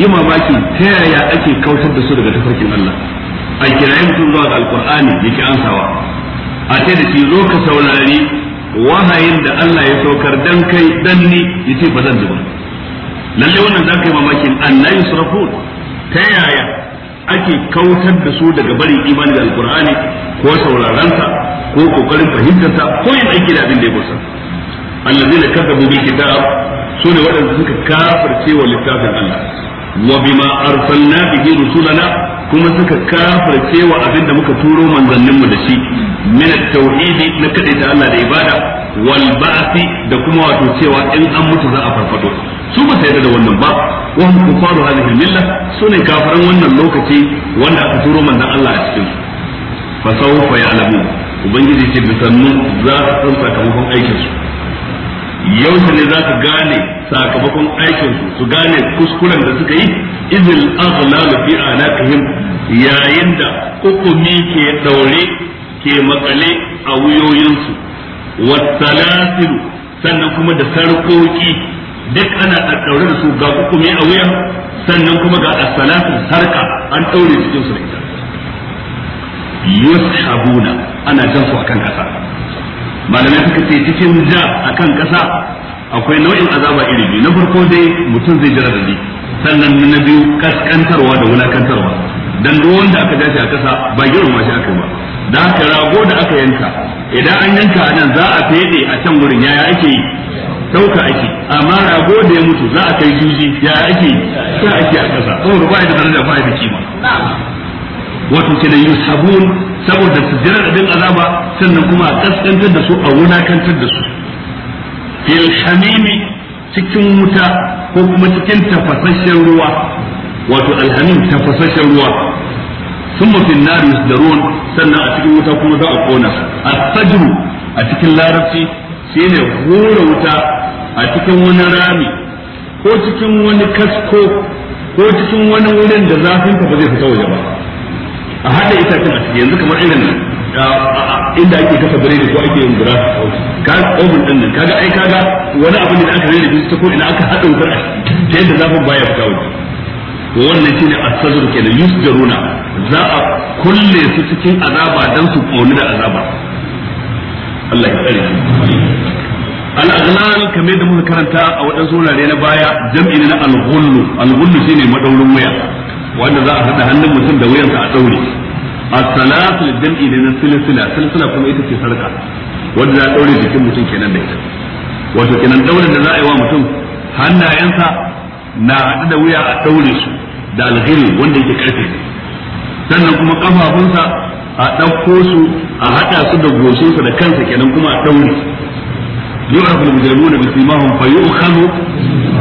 yi mamaki ta yaya ake kautar da su daga tafarkin Allah a kirayen sun zuwa ga alqur'ani yake ansawa a ce da shi zo ka saurari wahayin da Allah ya saukar dan kai dan ni yace ba zan ji ba lalle wannan zaka yi mamakin annabi yusrafun ta yaya ake kautar da su daga barin imani da alqur'ani ko sauraronsa ko kokarin fahimtarsa ko yin aiki da abin da ya kusa allazina kadzabu bil kitab sune waɗanda suka kafirce wa littafin Allah wa bima arsalna bihi rusulana kuma suka kafirce wa abin da muka turo manzanninmu da shi min tauhidi na kadai ta Allah da ibada wal da kuma wato cewa in an mutu za a farfado su ba sai da wannan ba wa hum kufaru milla sune kafaran wannan lokaci wanda aka turo manzan Allah a cikin fa sawfa ubangiji ce da sannu za su san sakamakon aikin su yaushe ne za ka gane sakamakon aikin su su gane kuskuren da suka yi izil aghlalu fi anaqihim yayin da hukumi ke daure ke makale a wuyoyinsu wasalasilu sannan kuma da sarkoki duk ana ɗaɗɗaure da su ga hukumi a wuya sannan kuma ga asalasin sarka an ɗaure cikin su da ita yushabuna ana jan su akan ƙasa malamai suka ce cikin ja akan ƙasa akwai nau'in azaba iri biyu na farko dai mutum zai jira da sannan na biyu kaskantarwa da wulakantarwa dan ruwan da aka ja a ƙasa ba girma shi aka yi ba da aka rago da aka yanka idan an yanka nan za a fede a can gurin yaya ake yi ake amma rago da ya mutu za a kai juji yaya ake yi sa ake a kasa saboda ba da daraja ba da kima wato yi sabon saboda su jira da din azaba sannan kuma a kaskantar da su a wunakantar da su fil hamimi cikin wuta ko kuma cikin tafasasshen ruwa wato alhamim tafasasshen ruwa ثم في النار yusdarun sannan a cikin wuta kuma za a kona su سينة a cikin ونرامي shine ونكسكو wuta a cikin wani rami ko cikin wani kasko ko cikin wani irin inda ake kasa biredi ko ake yin bura ka oven din nan kaga ai kaga wani abu ne da aka rere bisa ko ina aka hada wutar ta yadda zafin baya fita waje wannan shine asazur kenan yusjaruna za a kulle su cikin azaba don su koni da azaba Allah ya tsare al-aghlal kamar da muka karanta a waɗansu wurare na baya jam'i na al-ghullu al-ghullu shine madaurin waya wanda za a hada hannun mutum da wuyansa a daure as-salatul jam'i na silsila silsila kuma ita ce sarka wanda za a daure jikin mutum kenan da ita wato kenan daurin da za a yi wa mutum hannayensa na hada da wuya a daure su da al-ghillu wanda yake karfe ne sannan kuma kafafunsa a ɗauko su a haɗa su da goshinsa da kansa kenan kuma a ɗaure yu'rafu al-mujrimuna bi simahum fa yu'khadhu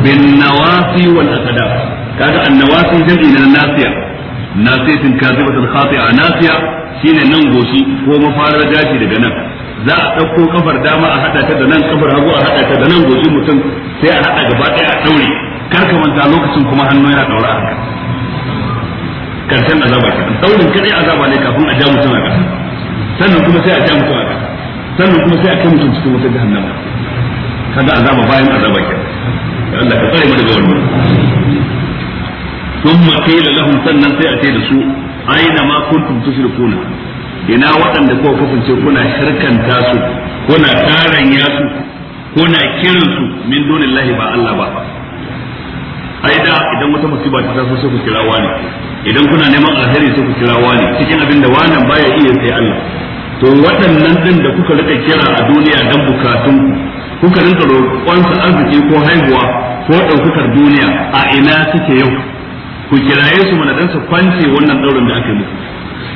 bin nawasi wal aqdam kaga an-nawasi jam'i na nasiya nasiyatin kadhibatin khati'a nasiya shine nan goshi ko mafarar gashi daga nan za a ɗauko kafar dama a haɗa ta da nan kafar hagu a haɗa ta da nan goshin mutum sai a haɗa gaba ɗaya a ɗaure kar ka manta lokacin kuma hannu yana ɗaura haka karshen azaba kenan daurin kadai azaba ne kafin a ja mutum a kasa sannan kuma sai a ja mutum a kasa sannan kuma sai a kai mutum cikin wata jahannama kaga azaba bayan azaba kenan Allah ka tsare mu daga wannan thumma qila lahum sannan sai a ce da su aina ma kuntum tushrikuna ina waɗanda kuka kasance kuna shirkanta su kuna taranya su kuna kiransu min dunillahi ba Allah ba ai da idan wata musiba ta taso sai ku kira wani idan kuna neman alheri sai ku kira wani cikin abin da wannan baya iya sai Allah to waɗannan din da kuka rika kira a duniya dan bukatun ku kuka rinka roƙon su arziki ko haihuwa ko ɗaukakar duniya a ina suke yau ku kiraye su mana dan su kwance wannan daurin da aka yi muku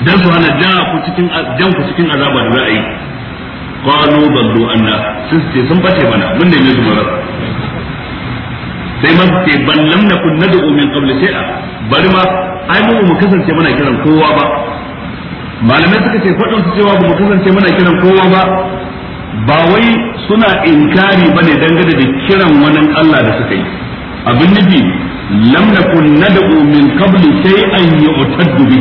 dan su hana da ku cikin jan ku cikin azaba da za a yi qalu ballu anna sun ce sun bace mana mun ne mu rasa sai ma ce ban kun na da'o min qabl bari ma ai mu mu kasance muna kiran kowa ba malamai suka ce faɗin su cewa ba mu kasance muna kiran kowa ba ba wai suna inkari bane dangane da kiran wani Allah da suka yi abin nufi lam na da'o min qabl shay'an yu'taddu dubi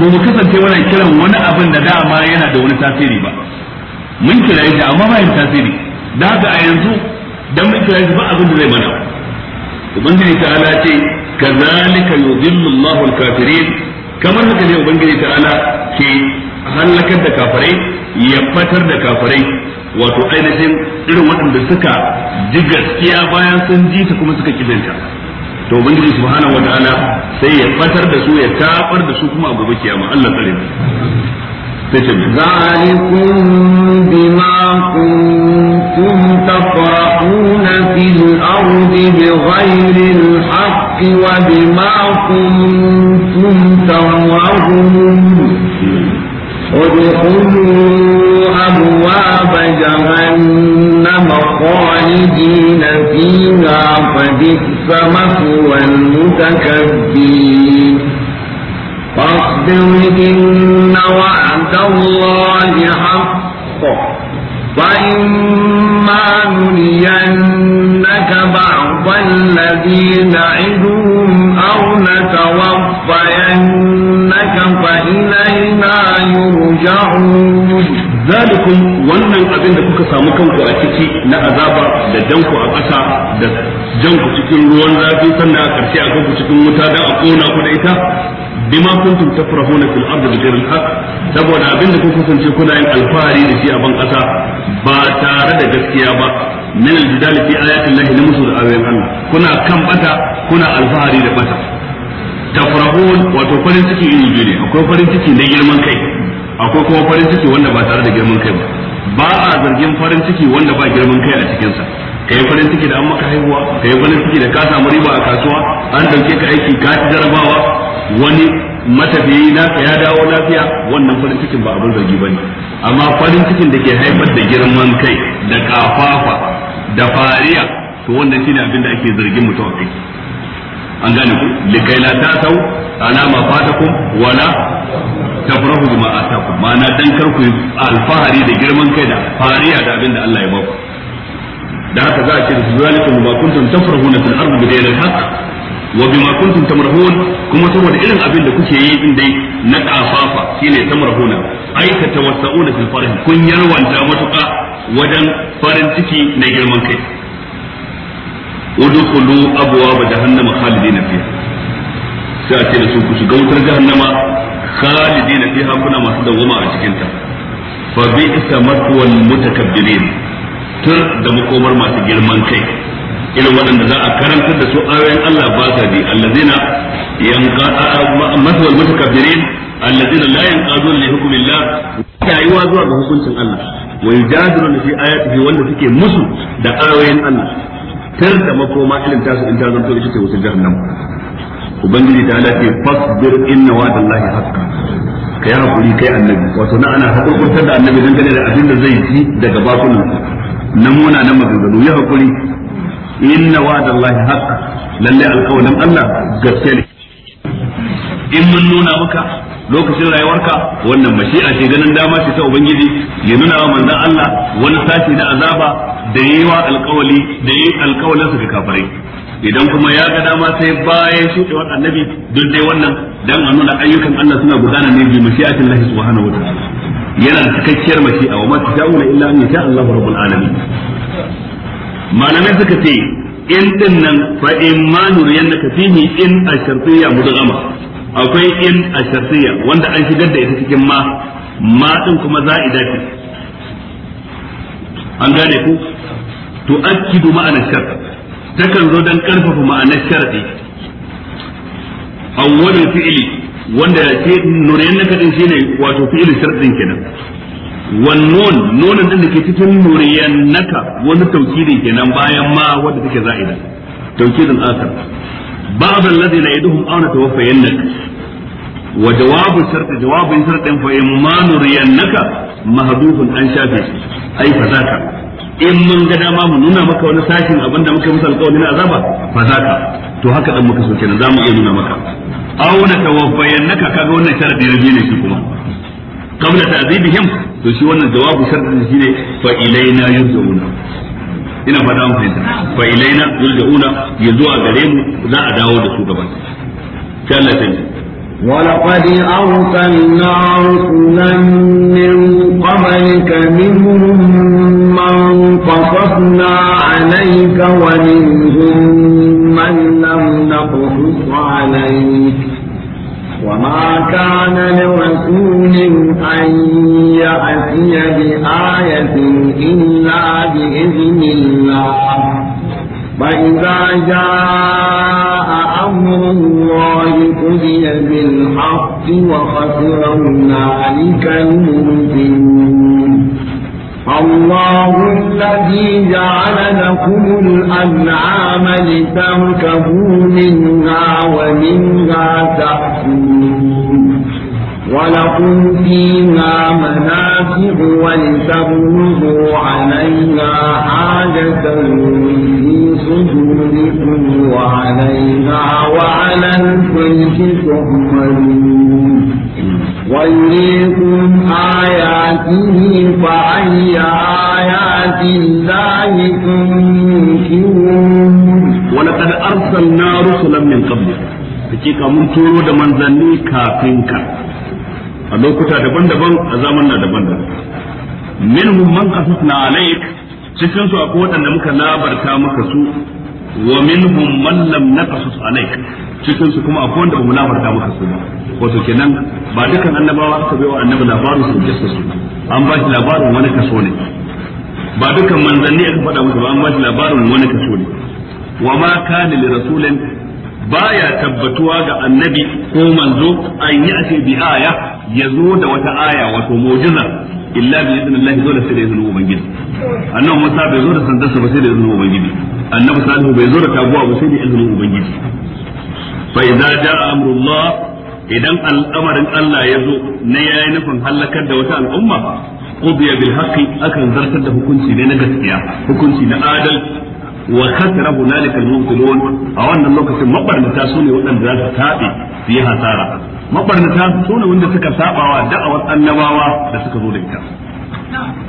ba mu kasance muna kiran wani abin da dama yana da wani tasiri ba mun kira shi amma ba yin tasiri da haka a yanzu dan mun kira shi ba abin da zai mana ubangiji ta'ala ce kazalika yudhillu Allahu al-kafirin kamar haka ne ubangiji ta'ala ke halakar da kafirai ya fatar da kafirai wato ainihin irin waɗanda suka ji gaskiya bayan sun ji ta kuma suka kidanta to ubangiji subhanahu ta'ala sai ya fatar da su ya tabar da su kuma a gobe kiyama Allah tsare ذلكم بما كنتم تفرحون في الأرض بغير الحق وبما كنتم تمرحون ادخلوا أبواب جهنم خالدين فيها فبئس مثوى المتكبرين فاصبر إن وعد الله حق وإما نرينك بعض الذين نعدهم أو نتوفينك فإلينا يرجعون ذلكم wannan abin da kuka samu kanku a ciki na azaba da janku a ƙasa da janku cikin ruwan zafi sannan a ƙarshe a kanku cikin wuta don a ƙona kudaita. bima kuntum tafrahuna fil ardi bi ghayril haqq saboda abinda kuka kasance kuna yin alfahari da shi a ban kasa ba tare da gaskiya ba min al jidal fi ayati llahi na musul da Allah kuna kan bata kuna alfahari da bata tafrahun wato farin ciki in biyu akwai farin ciki na girman kai akwai kuma farin ciki wanda ba tare da girman kai ba ba a zargin farin ciki wanda ba girman kai a cikinsa kai farin ciki da an maka haihuwa kai farin ciki da ka samu riba a kasuwa an dauke ka aiki ka jarabawa wani matafiyi na ya dawo lafiya wannan farin cikin ba abin zargi bane amma farin cikin da ke haifar da girman kai da kafafa da fariya to wannan shine abin da ake zargin mutum a kai an gane ku likai la tasau ala ma fatakum wala tafrahu bima atakum ma'ana dan kar ku alfahari da girman kai da fariya da abin da Allah ya baku da haka za a ce zalikum ma kuntum tafrahuna fil ardi bi ghayril haqq wa bima kuntum tamrahun kuma saboda irin abin da kuke yi din dai na kafafa shine tamrahuna ai tatawassauna fil farh kun yarwanta matuka wajen farin ciki na girman kai udkhulu abwaaba jahannama khalidina fiha sai a da su ku shiga wutar jahannama khalidina fiha kuna masu dawwama a cikin ta fa bi'sa matwal mutakabbirin tur da makomar masu girman kai irin waɗanda za a karantar da su ayoyin Allah ba sa bi allazina yanqa masal mutakabbirin allazina la yanqaduna li hukmillah wa zuwa ga hukuncin Allah wa yujadiluna fi ayatihi wanda suke musu da ayoyin Allah tar makoma irin tasu in ta zanto ita ce wutar jahannam ubangiji ta ala ce fasbir inna wa'dallahi haqqa kai hakuri kai annabi wato na ana hakurkurtar da annabi dangane da abin da zai ci daga bakunan na muna na maganganu ya hakuri inna wa'dallahi haqq lalle alƙawarin Allah gaske ne in mun nuna maka lokacin rayuwarka wannan mashi'a ce ganin dama ce ta ubangiji ya nuna wa manzon Allah wani sashi na azaba da yawa alƙawali da yayi alƙawalin su ga kafirai idan kuma ya ga dama sai bayan shudewar annabi duk dai wannan dan a nuna ayyukan Allah suna gudana ne bi mashi'atin Allah subhanahu wa ta'ala yana da cikakkiyar mashi'a wa ma tasha'una illa an yasha Allah rabbul alamin malamai suka ce in din nan fa in ma nuriyannaka fihi in ashartiyya mudghama akwai in ashartiyya wanda an shigar da ita cikin ma ma din kuma za'ida ce an gane ku tu'akkidu ma'anar shart takan zo dan karfafa ma'anar sharti awwalu fi'li wanda ya ce nuriyan naka din shine wato fi'li shartin kenan wannan nonon din da ke cikin naka wani taukiri kenan bayan ma wanda take za'ida taukirin asar ba'd alladhina yaduhum aw natawaffayannak wa jawabu shart jawabu shartin fa imma naka mahdufun an shafi ai fazaka in mun ga dama mu nuna maka wani sashin abinda muka musal kawai na azaba fazaka to haka dan muka so kenan zamu iya nuna maka aw natawaffayannaka kaga wannan sharadi ne shi kuma qabla ta'zibihim to shi wannan jawabu shartin shine fa ilaina yurja'una ina fada an fahimta fa ilaina yurja'una yanzu a gare mu za a dawo da su gaban sai Allah ta na ولقد أرسلنا رسلا من قبلك رسول أن يأتي بآية إلا بإذن الله فإذا جاء أمر الله قضي بالحق وخسر هنالك المؤمنون الله الذي جعل لكم الأنعام لتركبوا منها ومنها تأكلون ولكم فيها منافع ولتبلغوا عليها حاجة في صدوركم وعليها وعلى الفلك تحملون ويريكم آياته فأي آيات الله تنكرون ولقد أرسلنا رسلا من قبلك hakika mun turo da manzanni kafin ka a lokuta daban-daban a na daban-daban minhum man qasasna alayk cikin su akwai waɗanda muka labarta maka su wa minhum man lam naqasus alayk cikin su kuma akwai wanda bamu labarta maka su ba wato kenan ba dukan annabawa aka bai wa annabi labarin su kissa su an ba shi labarin wani kaso ne ba dukan manzanni aka faɗa musu ba an ba shi labarin wani kaso ne wa ma kana lirasulin baya tabbatuwa ga annabi ko manzo an yi ake bi aya ya zo da wata aya wato mu'jiza illa bi idnillahi zo da sai da izinin ubangiji annabi Musa bai zo da sandarsa ba sai da izinin ubangiji annabi Salihu bai zo da taguwa ba sai da izinin ubangiji fa idza jaa amrullah idan al'amarin Allah ya zo na yayi nufin halakar da wata al'umma qudiya bil haqqi akan zartar da hukunci ne na gaskiya hukunci na adal wa khasira hunalika al-mubtilun a wannan lokacin mabarnata su ne waɗanda za su tabe su yi hasara mabarnata su ne wanda suka sabawa da'awar annabawa da suka zo da ita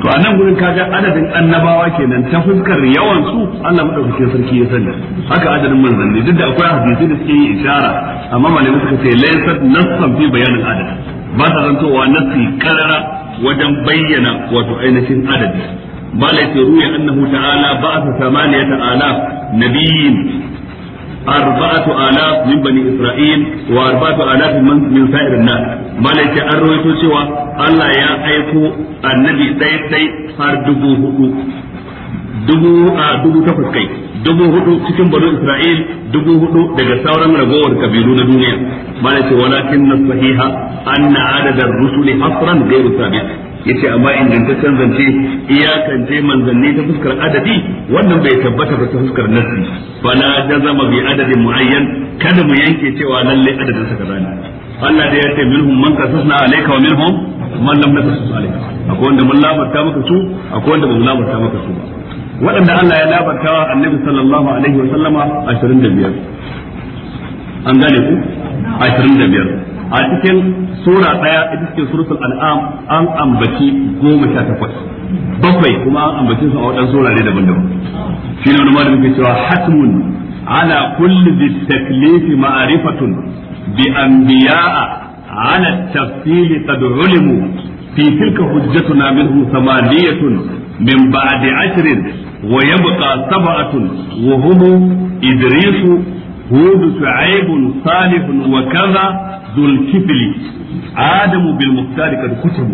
to a nan gurin kaga adadin annabawa kenan ta fuskar yawan su Allah madaukakin sarki ya sani haka adadin manzanni duk da akwai hadisi da suke yi ishara amma malamai suka ce laysa nassan fi bayanin adad ba ta zantowa nassi karara wajen bayyana wato ainihin adadi ما لا يروي أنه تعالى بعث ثمانية آلاف نبيين أربعة آلاف من بني إسرائيل وأربعة آلاف من, من سائر الناس ما ليس أرويت سوى ألا يا أيكو النبي سيد سيد أردبو هدو دبو a تفسكي dubu hudu cikin banu isra'il dubu hudu daga sauran ragowar kabilu na duniya mana ce walakin na sahiha anna adadar rusuli hasran gairu sabit yace amma ingantaccen zance iyakance manzanni ta fuskar adadi wannan bai tabbata ba ta fuskar nassi fala jazama bi adadin muayyan kada mu yanke cewa lalle adadin sa kaza ne Allah da ya ce minhum man kasasna alayka wa minhum man lam naqsus alayka akwai wanda mun labarta maka su akwai wanda mun labarta maka su waɗanda Allah ya labarta wa Annabi sallallahu alaihi wa sallama 25 an gane ku 25 a cikin sura daya ita cikin suratul an'am an ambaci goma sha takwas bakwai kuma an ambaci su a wadan sura ne daban-daban shi ne wani malamin ke cewa hatmun ala kulli bi ma'rifatun bi anbiya'a ala tafsili qad ulimu fi tilka hujjatuna minhum thamaniyatun min ba'di ashrin ويبقى سبعة وهم idrisu هود شعيب صالح وكذا ذو الكفل آدم بالمختار قد كتب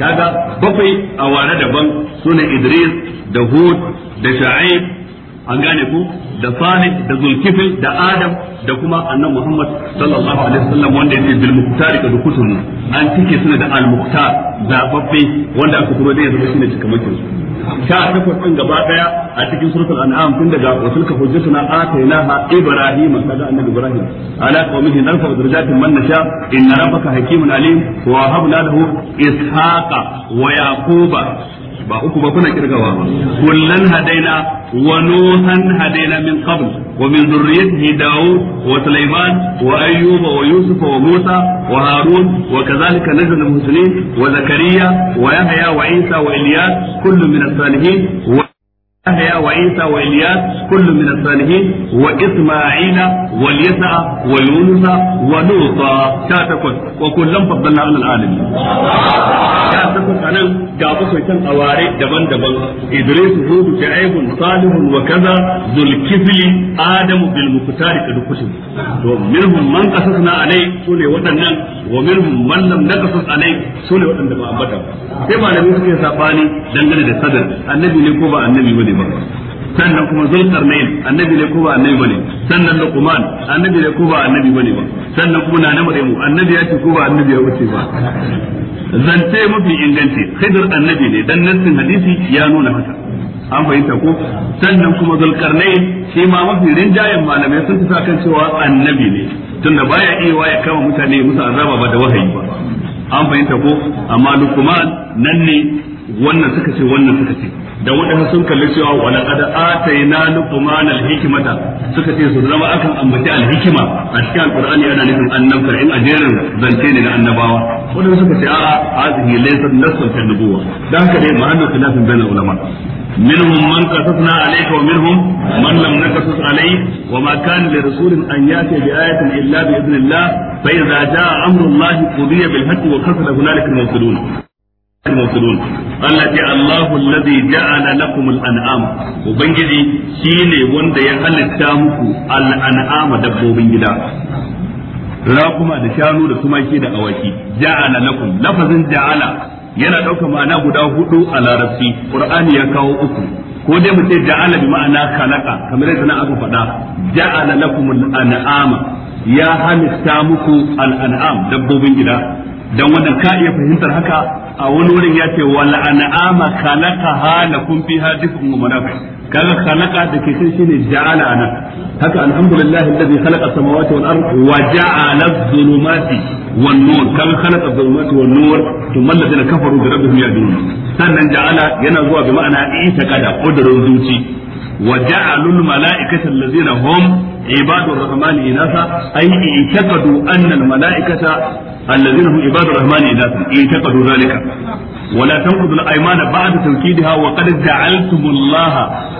kaga bakwai a ware daban sune Idris da Hud da Sha'ib an gane ku da Fani da zulkifil da adam da kuma annabi muhammad sallallahu alaihi wasallam wanda yake bil muktar ka dukutun an tike suna da al muqtar zababbe wanda aka turo da yanzu shine cikamakin su Ta takwas din gaba daya a cikin suratul an'am tun daga wasul ka hujjatuna atainaha ibrahim kaga annabi ibrahim ala qaumihi narfa darajatin man nasha inna rabbaka hakimun alim wa habna lahu ishaqa wa yaquba ba uku ba kuna kirgawa ba kullan hadaina wa nuhan hadaina min qabl wa min dhurriyyatihi daud wa sulaiman wa ayyuba wa yusuf wa musa wa harun wa kadhalika nazal al-muslimin wa zakariya wa yahya wa isa wa ilyas kullu min as-salihin يحيى وعيسى والياس كل من الصالحين واسماعيل واليسع ويونس ولوطا شاتكن وكلا فضلنا على العالمين شاتكن انا جابوا كان اواري دبن دبن ادريس هود شعيب صالح وكذا ذو الكفل ادم بالمختار قد كتب ومنهم من قصصنا عليه سنه ودنن ومنهم من لم نقصص عليه سنه ودن ما ابدا sai malamai suke sabani dangane da sadar annabi ne ko ba annabi ba annabi ba sannan kuma zulkarnain annabi ne ko ba annabi bane sannan luqman annabi ne ko ba annabi bane ba sannan kuma nana maryamu annabi ya ce ko ba annabi ya wuce ba zance mafi inganci khidr annabi ne dan nassin hadisi ya nuna haka an fahimta ko sannan kuma zulkarnain shi ma mafi rinjayen malamai sun sa kan cewa annabi ne tunda baya iya ya kama mutane musu azaba ba da wahayi ba an fahimta ko amma luqman nan ne wannan suka ce wannan suka ce da waɗansu sun kalli cewa wala qad atayna luqman al-hikmata suka ce su zama akan ambaci al-hikma a cikin alqur'ani ana nufin annabta in jerin zance ne na annabawa waɗansu suka ce a'a hazihi laysat nasun ta nubuwa dan haka dai ma'anar khilafin bainal ulama منهم من قصصنا عليك ومنهم من لم نقصص an وما كان لرسول ان ياتي بايه الا باذن الله فاذا جاء امر الله قضي بالحق وخسر هنالك المبطلون المبطلون Allah ce Allahu alladhi ja'ala lakum al-an'am ubangiji shine wanda ya halitta muku al-an'ama dabbobin gida raƙuma da shanu da tumaki da awaki ja'ala lakum lafazin ja'ala yana ɗauka ma'ana guda hudu a larabci qur'ani ya kawo uku ko dai mu ce ja'ala bi ma'ana kalaka kamar yadda na aka faɗa ja'ala lakum al-an'ama ya halitta muku al-an'am dabbobin gida dan wannan ka iya fahimtar haka a wani wurin ya ce wal an'ama khalaqaha lakum fiha dif'un wa manafi kaga khalaqa da ke kai shine ja'ala ana haka alhamdulillah alladhi khalaqa samawati wal ard wa ja'ala adh-dhulumati wan nur kaga khalaqa adh-dhulumati wan nur thumma alladhina kafaru bi rabbihim ya'dilun sannan ja'ala yana zuwa bi ma'ana isa kada kudurin zuci wa ja'alul mala'ikata alladhina hum ibadur rahman inasa ay i'taqadu anna al malaikata alladhina hum ibadur rahman inasa i'taqadu zalika ولا تنقضوا الايمان بعد توكيدها وقد جعلتم الله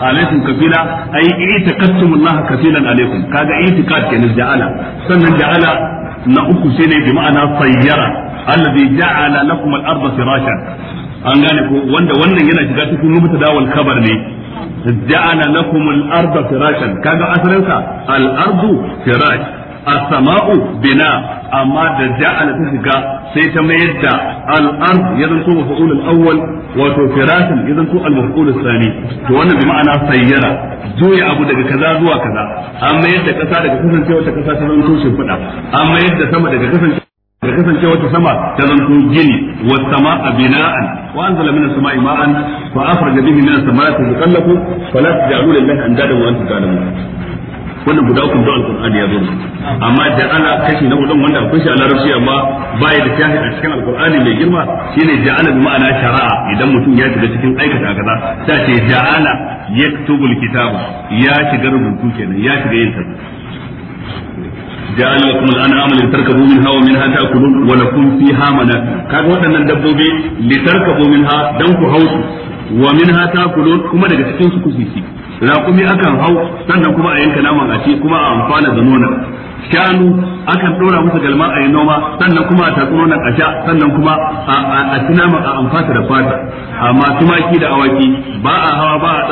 عليكم كفيلا اي اعتقدتم الله كفيلا عليكم كذا اعتقاد كان جعل سنن جعل na uku sai ne bi ma'ana sayyara allazi ja'ala an gane ko wanda wannan yana shiga cikin mubtada kabar ne ja'ala lakum al-ard firashan kaga asalin sa al ardu firash as-sama'u bina amma da ja'ala ta shiga sai ta mayar da al-ard ya zanto maf'ul al-awwal wato firashan ya zanto al-maf'ul al-thani to wannan bi ma'ana sayyara juya abu daga kaza zuwa kaza an mayar da kasa daga kasancewa ta kasa ta zanto shimfiɗa an mayar da sama daga kasancewa da kasance wata sama ta zanto gini wa sama a bina'an wa anzala sama sama'i ma'an fa akhraja bihi minas samarati rizqallakum fala taj'alu an andadan wa antum ta'lamun wannan guda uku da alqur'ani ya zo amma ala kashi na hudun wanda akwai shi larabci amma baya da shahi a cikin alkur'ani mai girma shine ja'ala bi ma'ana shara'a idan mutum ya shiga cikin aikata kaza sa ce ja'ala yaktubul kitaba ya shiga rubutu kenan ya shiga yin kaza ja'ala lakum al-an'ama litarkabu minha wa minha ta'kulun wa lakum fiha manafi kaga waɗannan dabbobi litarkabu minha dan ku hausu wa minha ta'kulun kuma daga cikin su ku sisi raƙumi akan hau sannan kuma a yanka naman a ci kuma a amfana da nonon shanu akan ɗora musu galma a yi noma sannan kuma a tatsi nonon a sha sannan kuma a ci naman a amfata da fata amma tumaki da awaki ba a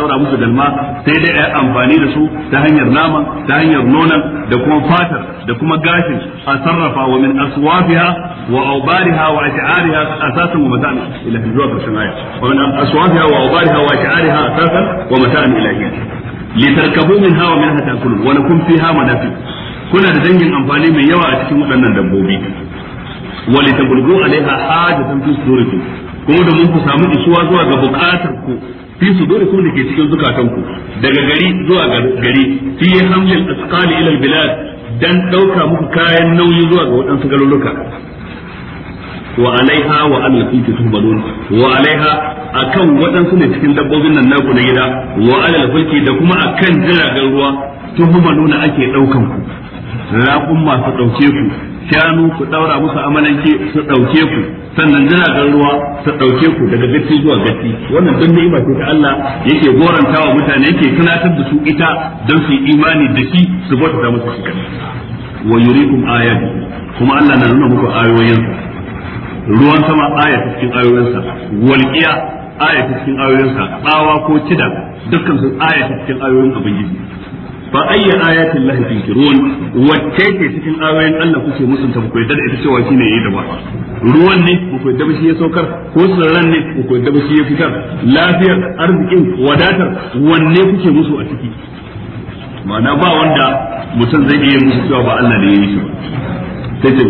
daura musu dalma sai dai a amfani da su ta hanyar nama ta hanyar nonan da kuma fatar da kuma gashin a sarrafa wa min aswafiha wa awbariha wa ash'ariha asasan wa mata'an ila zuwa karshen aya wa min aswafiha wa awbariha wa ash'ariha asasan wa mata'an ilahiyya litarkabu hawa min minha kullu wa lakum fiha manafi kuna da dangin amfani mai yawa a cikin waɗannan dabbobi wa litabulghu alaiha hajatan fi sudurikum kuma da mun ku samu isuwa zuwa ga buƙatar ku fi su dole kuma da ke cikin zukatanku daga gari zuwa gari fi hamlin asqali ila bilad dan dauka muku kayan nauyi zuwa ga waɗansu galuluka wa alaiha wa alal fulki tuhbalun wa alaiha akan waɗansu ne cikin dabbobin nan naku na gida wa alal fulki da kuma akan jiragen ruwa tuhbaluna ake daukan ku raƙun masu ɗauke ku shanu ku daura musu amalanke su dauke ku sannan jiragen ruwa su dauke ku daga gaci zuwa gaci wannan don ne ce ta Allah yake gorantawa mutane yake tunatar da su ita don su yi imani da shi su bauta musu shi wa yurikum ayati kuma Allah na nuna muku ayoyin ruwan sama aya cikin sa walqiya aya cikin sa tsawa ko cida dukkan su aya cikin ayoyin ubangiji fa ayya ayatin lahi tunkirun wacce ce cikin ayoyin Allah kuke musunta ku yadda ita cewa shine yayi da ba ruwan ne ku yadda ba shi ya saukar ko sirran ne ku yadda ba shi ya fitar lafiyar arzikin wadatar wanne kuke musu a ciki ma'ana ba wanda mutum zai iya musu cewa ba Allah ne ya yi shi ba fi ce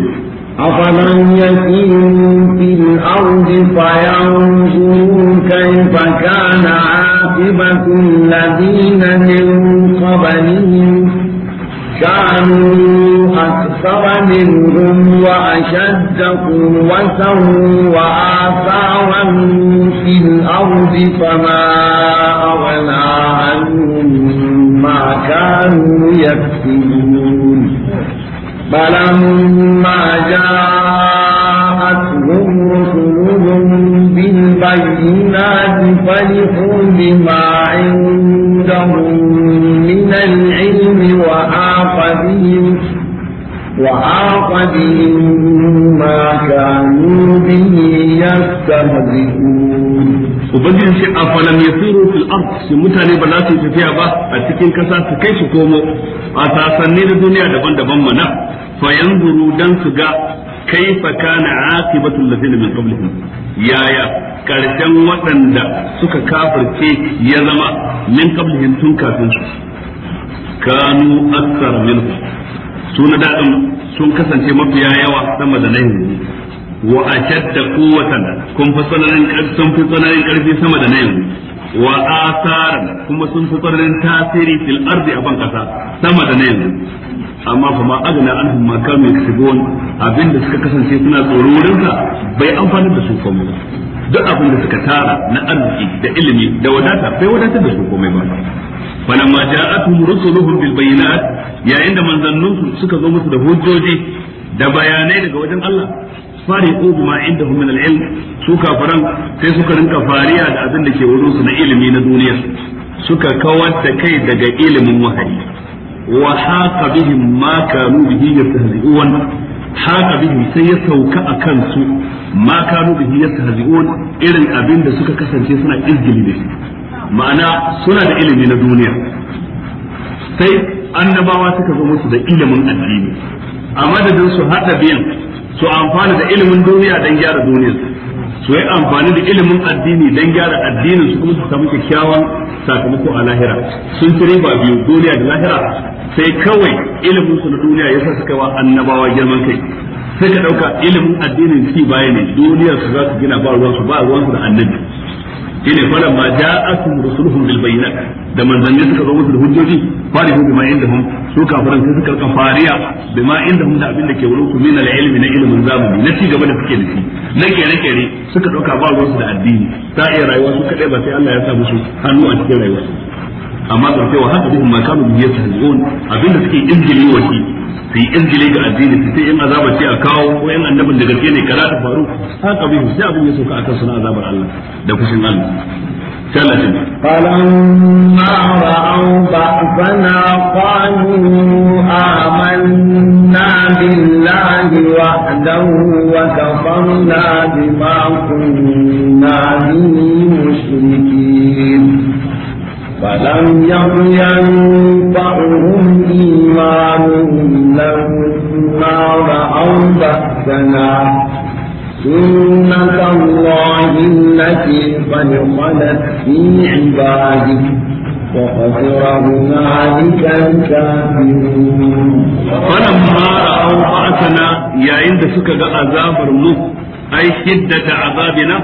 أفمن يسير في الأرض فينظر كيف كان عاقبة الذين من قبلهم كانوا أكثر منهم وأشد قوة وآثارا في الأرض فما أغنى عنهم ما كانوا يكسبون فلما جاءتهم رسلهم بالبينات فرحوا بما عندهم من العلم وحاق بهم وحاق بهم ما كانوا به يستهزئون ubangiji ce a falam yasiru fil ard mutane ba za su yi tafiya ba a cikin kasa su kai su komo a sasanni na duniya daban-daban mana fa yanzuru dan su ga kaifa kana aqibatul ladina min qablihim ya karshen waɗanda suka kafirce ya zama min qablihim tun kafin su kanu akthar minhum su na dadin sun kasance mafi yawa sama da nan wa ashadda quwwatan kun fi tsananin sun fi tsananin karfi sama da nan wa asaran kuma sun fi tsananin tasiri fil ardi a ban kasa sama da nan amma fa ma agna anhum ma kanu yaksubun abinda suka kasance suna tsoro wurin sa bai amfani da su komai ba duk abinda suka tara na arziki da ilimi da wadata bai wadatar da su komai ba falamma ja'atuhum rusuluhum bil bayinat yayin da manzannun suka zo musu da hujjoji da bayanai daga wajen Allah fariqu bima indahum min al-ilm su kafaran sai suka rinka fariya da abin da ke wurin su na ilimi na duniya suka kawar da kai daga ilimin wahayi wa haqa ma kanu bihi yastahzi'un haqa sai ya sauka a su ma kanu bihi yastahzi'un irin abin da suka kasance suna izgili da ma'ana suna da ilimi na duniya sai annabawa suka zo musu da ilimin addini a madadin su hada biyan su amfana da ilimin duniya dan gyara duniyarsu su yi amfani da ilimin addini don gyara addinin su kuma su samu kyakkyawan sakamako a lahira sun ci riba biyu duniya da lahira sai kawai ilimin su na duniya ya sa suka wa annabawa girman kai sai ka dauka ilimin addinin ci baya ne duniyar su za su gina ba ruwan su ba ruwan da annabi shine falan ma ja'atum rusuluhum bil bayyinat da manzanni suka zo musu da hujjoji farihu bima indahum su kafiran sai suka kan fariya bima indahum da abin da ke wurin su min al ilmi na ilmin zamani na gaba da suke da shi na kere kere suka dauka ba ruwansu da addini ta iya rayuwa su kadai ba sai Allah ya sa musu hannu a cikin rayuwa amma ga cewa haka bihim ma kanu bihi yastahzi'un abin da suke izgili wa shi su yi injili ga addini su ta yin azabar ce a kawo ko yin annabin da gaske ne kara ta faru ta kabi sai abin ya soka akan suna azabar Allah da kushin Allah sallallahu alaihi wasallam fa'ala an ba'u bana qalu amanna billahi wa adahu wa kafanna bima kunna mushrikin فلم يقل ينفعهم إيمانهم لما رأوا بأسنا سنة الله التي قد خلت في عباده وخسر هنالك الكافرون فلما رأوا بأسنا يا عند سكك عذاب النصر أي شدة عذابنا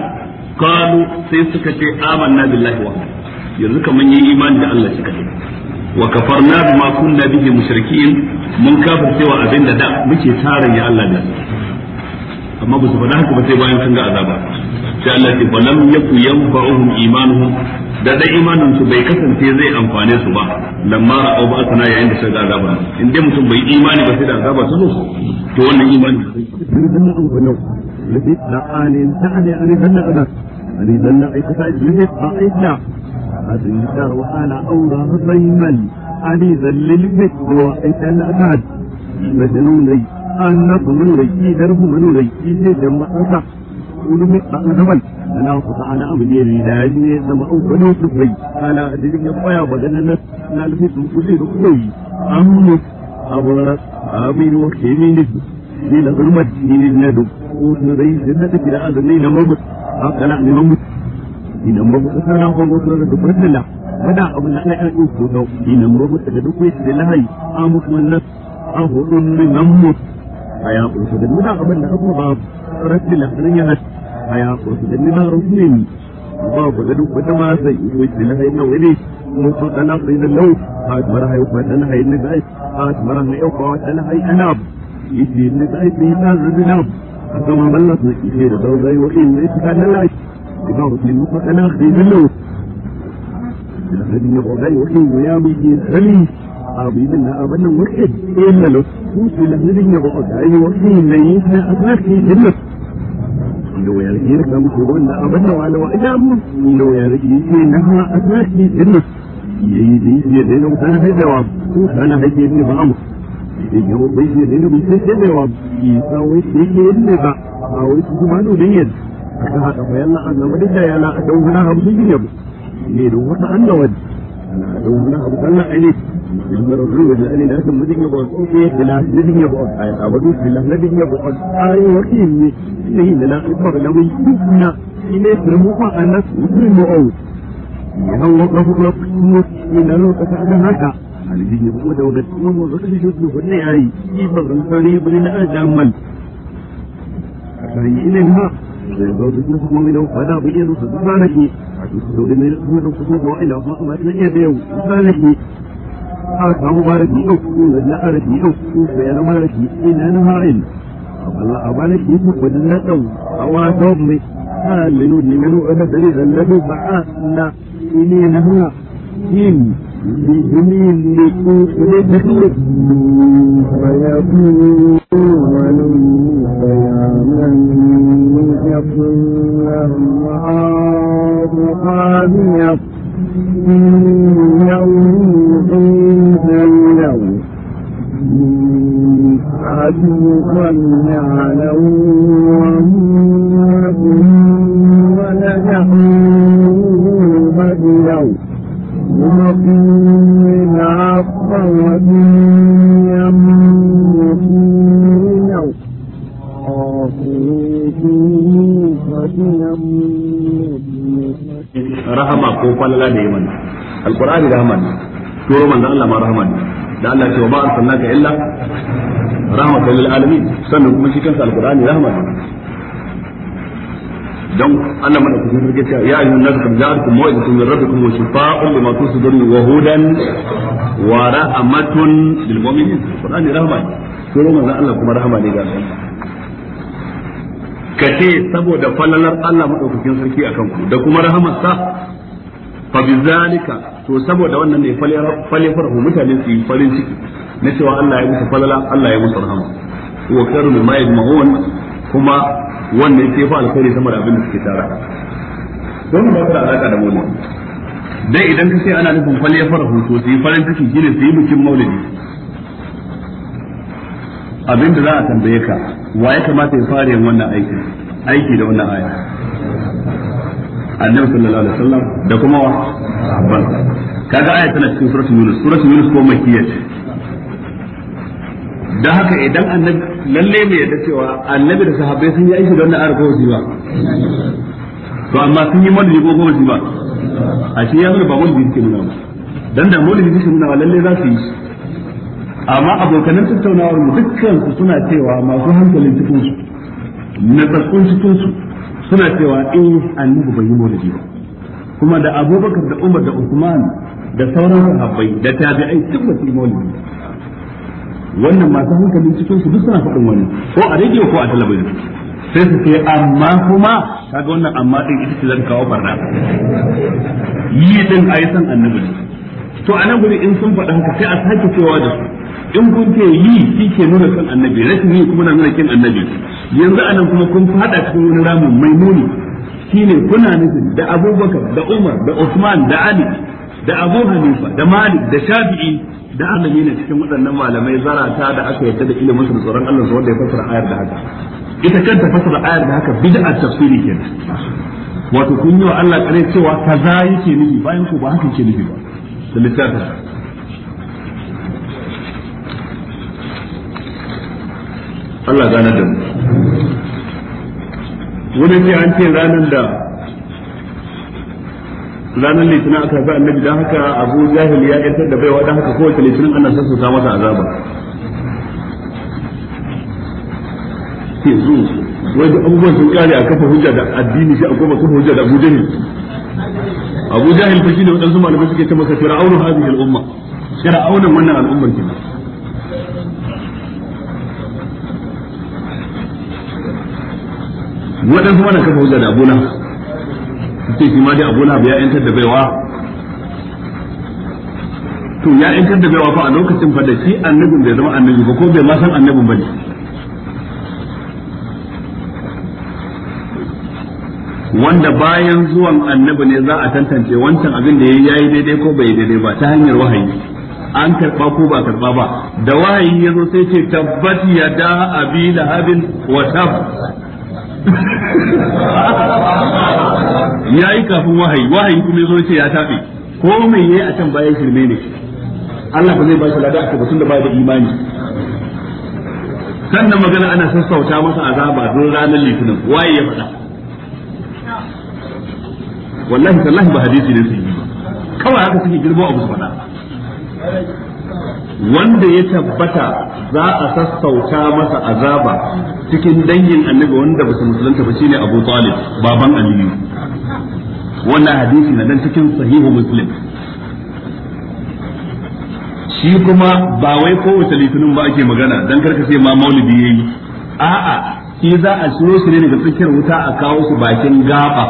قالوا سيسكت آمنا بالله وحده yanzu kaman yi imani da Allah shi kadai wa kafarna bima mun kafa cewa abin da da muke tarin ya Allah da amma ba su faɗa haka ba sai bayan sun ga azaba sai Allah ce ba lam yaku yanfa'uhum imanuhum da da imanin su bai kasance zai amfane su ba lamma ra'a ba sana yayin da ga azaba in dai mutum bai imani ba sai da azaba ta zo to wannan imani أريد أن அணிதல் வாய்த்தல் மஜனூரை النظر يدرب منوري يدم أصح ولم يقبل أنا أقطعنا أبديري لا يدم أوكلو تفري أنا أدري يقيا بدنا نلفت كل ركوي أمنس أبرا أمين وكيمين إلى ظلمة إلى الندب ونري جنة إلى أذنين ممت أقلع من ممت إلى ممت أنا أقول لك تفرد الله kada abin da ana yakin ko dau ina murabba daga duk wani da lahai amut wannan ahudun min namut aya ko da mun abin da abu ba rabbi lahrin ya aya ko da mun rubin ba ko da duk wata ma sai yi da lahai na wani mun so kana sai da lau ha mara hayu ko da lahai ne dai ha mara ne yau ko da lahai ana yi ne dai ne na rubina kama ballas ne ke da dau dai wa in ne ta kana lahai idan mutum ko kana sai da lau الذي وضع يحيي ويميت الذي عظيمنا أبنا وحد إلا له موسى الذي وضع يحيي ويميت أبناكي إلا لو يرجيك مشهورون أبنا وعلى وإدام لو يرجيك إنها أبناكي إلا يزيد يدين وكان الجواب وكان هيدين فأمر يجوب يدين بيسيس الجواب يساوي سيكي إلا أو يسجمان وليد أكاد فيلا أنا ولد يلا أدوهنا هم سيجيبه يريد وطأ النود Allah ini Menurut ruh dan ini dah sembilan yang buat Ini adalah sembilan yang buat Ayat awal itu adalah sembilan yang buat Ayat ini Ini adalah Ibn Nabi Yukna Ini semua anak Ibn Mu'ud Ya Allah Rabbuk Rabbuk Ini lalu kata ada haka Ini dia buat Dia buat Dia buat Dia buat Dia buat Dia buat Dia buat Dia buat Dia buat Dia buat Dia buat Dia buat Dia buat ومنهم فلا بيان سبحانه عجبت لمن يؤمن خصوصه إلى فاطمة يبيو سبحانه أكبر مالكي أفكو لنا أركي أفكو فيانا مالكي إن أنا هائل أبلا أبالكي مقبلنا تو أواتهم مي هالنو لمنو أنا دليل لنو بعاثنا إني نهنا إن بجميل لكو فيانا فيكون إلا الله حامية turo manzon Allah ma rahama ne da Allah ce wa ba arsalnaka illa rahmatan lil alamin sannan kuma shi kansa alqur'ani rahama ne dan Allah mana ku sarki ta ya ayyuhan nas kam ja'akum mu'izatun min rabbikum wa shifaa'un lima tusdurun wa hudan wa rahmatun lil mu'minin alqur'ani rahama ne turo manzon Allah kuma rahama ne ga ka ce saboda falalar Allah madaukakin sarki akan ku da kuma rahamarsa fa bizalika to saboda wannan ne fale farhu mutane su yi farin ciki na cewa Allah ya musu falala Allah ya musu rahama wa karu min ma'id ma'un kuma wannan ke fa alkhairi sama da abin da suke tara don ba ta alaka da maulidi dai idan ka ana nufin fale farhu to su yi farin ciki shine su yi bikin maulidi abin da za a tambaye ka wa ya kamata ya fara yin wannan aikin aiki da wannan aya annabi sallallahu alaihi wasallam da kuma wa kaga aya tana cikin suratul yunus suratul yunus ko makiyya ce da haka idan annabi lalle mai yadda cewa annabi da sahabbai sun yi aiki don na arko shi ba to amma sun yi maulidi ko kuma ba a shi ya nuna ba maulidi suke nuna ba dan da maulidi suke nuna ba lalle za su yi amma abokan tattaunawar mu dukkan su suna cewa masu hankalin cikin su na cikin su suna cewa in eh, annabi bai yi maulidi ba kuma da abubakar da umar da usman da sauran sahabbai da tabi'ai duk ba su maulidi wannan masu hankali cikin su duk suna faɗin wani ko a rediyo ko a talabijin sai su ce amma kuma kaga wannan amma din ita ce zan kawo barna yi din ayi san annabi to a nan guri in sun faɗa haka sai a sake cewa da su in kun ce yi shi ke nuna kan annabi rashin yi kuma na nuna kin annabi yanzu a nan kuma kun faɗa cikin wani ramin mai muni shine kuna nufin da abubakar da umar da usman da ali da abu hanifa da malik da shafi'i da annabi ne cikin waɗannan malamai zarata da aka yarda da ilimin su tsoron Allah su wanda ya fassara ayar da haka ita kanta fassara ayar da haka bid'a tafsiri kenan wato kun yi wa Allah kare cewa kaza yake nufi bayan ku ba haka yake nufi ba da littafin Allah gane da mu wani ce an ce ranar da ranar litinin aka sa annabi dan haka abu jahil ya yantar da baiwa dan haka kowace litinin ana sassauta masa azaba ke zo wani abubuwan sun kare a kafa hujja da addini shi a kuma kafa hujja da abu jahil abu jahil fa ne waɗansu malamai suke ce masa fir'aunu hadhihi al-umma fir'aunan wannan al'ummar kenan waɗansu mana kafa hujja da abula sai shi ma dai abula ya yantar da baiwa to ya yantar da baiwa fa a lokacin fa da shi annabin bai zama annabi ba ko bai ma san annabin ba ne wanda bayan zuwan annabi ne za a tantance wancan abin da ya yi daidai ko bai daidai ba ta hanyar wahayi an karba ko ba karba ba da wahayi ya zo sai ce tabbat ya da abi lahabin wa tab ya yi kafin wahayi wahayi kuma ya zo ce ya tafi ko mai yayi a can bayan shirme ne Allah ba zai ba shi lada a tabbatun da ba da imani sannan magana ana sassauta masa azaba don ranar litinin waye ya faɗa wallahi sallahi ba hadisi ne su yi kawai haka suke girma abu su faɗa wanda ya tabbata za a sassauta masa azaba cikin dangin annabi wanda ba su musulunta ba shine Abu Talib baban Aliyu wannan hadisi na dan cikin sahihu Muslim shi kuma ba wai kowace litinin ba ake magana dan karka sai ma maulidi yayi a'a shi za a shiro shi ne daga tsakiyar wuta a kawo su bakin gaba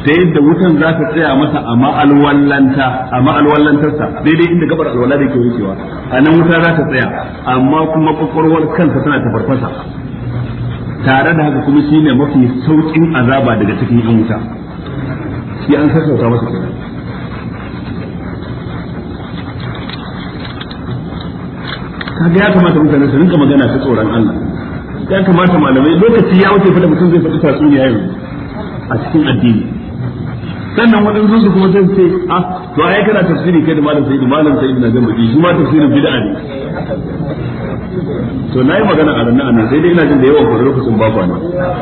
ta yadda wutan za ta tsaya masa a ma'alwallanta a ma'alwallantarsa daidai inda gabar alwala da ke wucewa a nan wuta za ta tsaya amma kuma kwakwalwar kansa tana ta tare da haka kuma shine mafi saukin azaba daga cikin yan wuta shi an sassauta masa kenan kaga ya kamata mutane su rinka magana ta tsoron Allah ya kamata malamai lokaci ya wuce fa da mutum zai faɗi tatsuniya yau a cikin addini sannan waɗansu su kuma sai ce a ah, to ai kana tafsiri kai da malam da malam sayyid na zan baki shi ma tafsirin bid'a ne to na yi magana a ranar anan sai dai ina jin da yawan kwarar lokacin ba kwana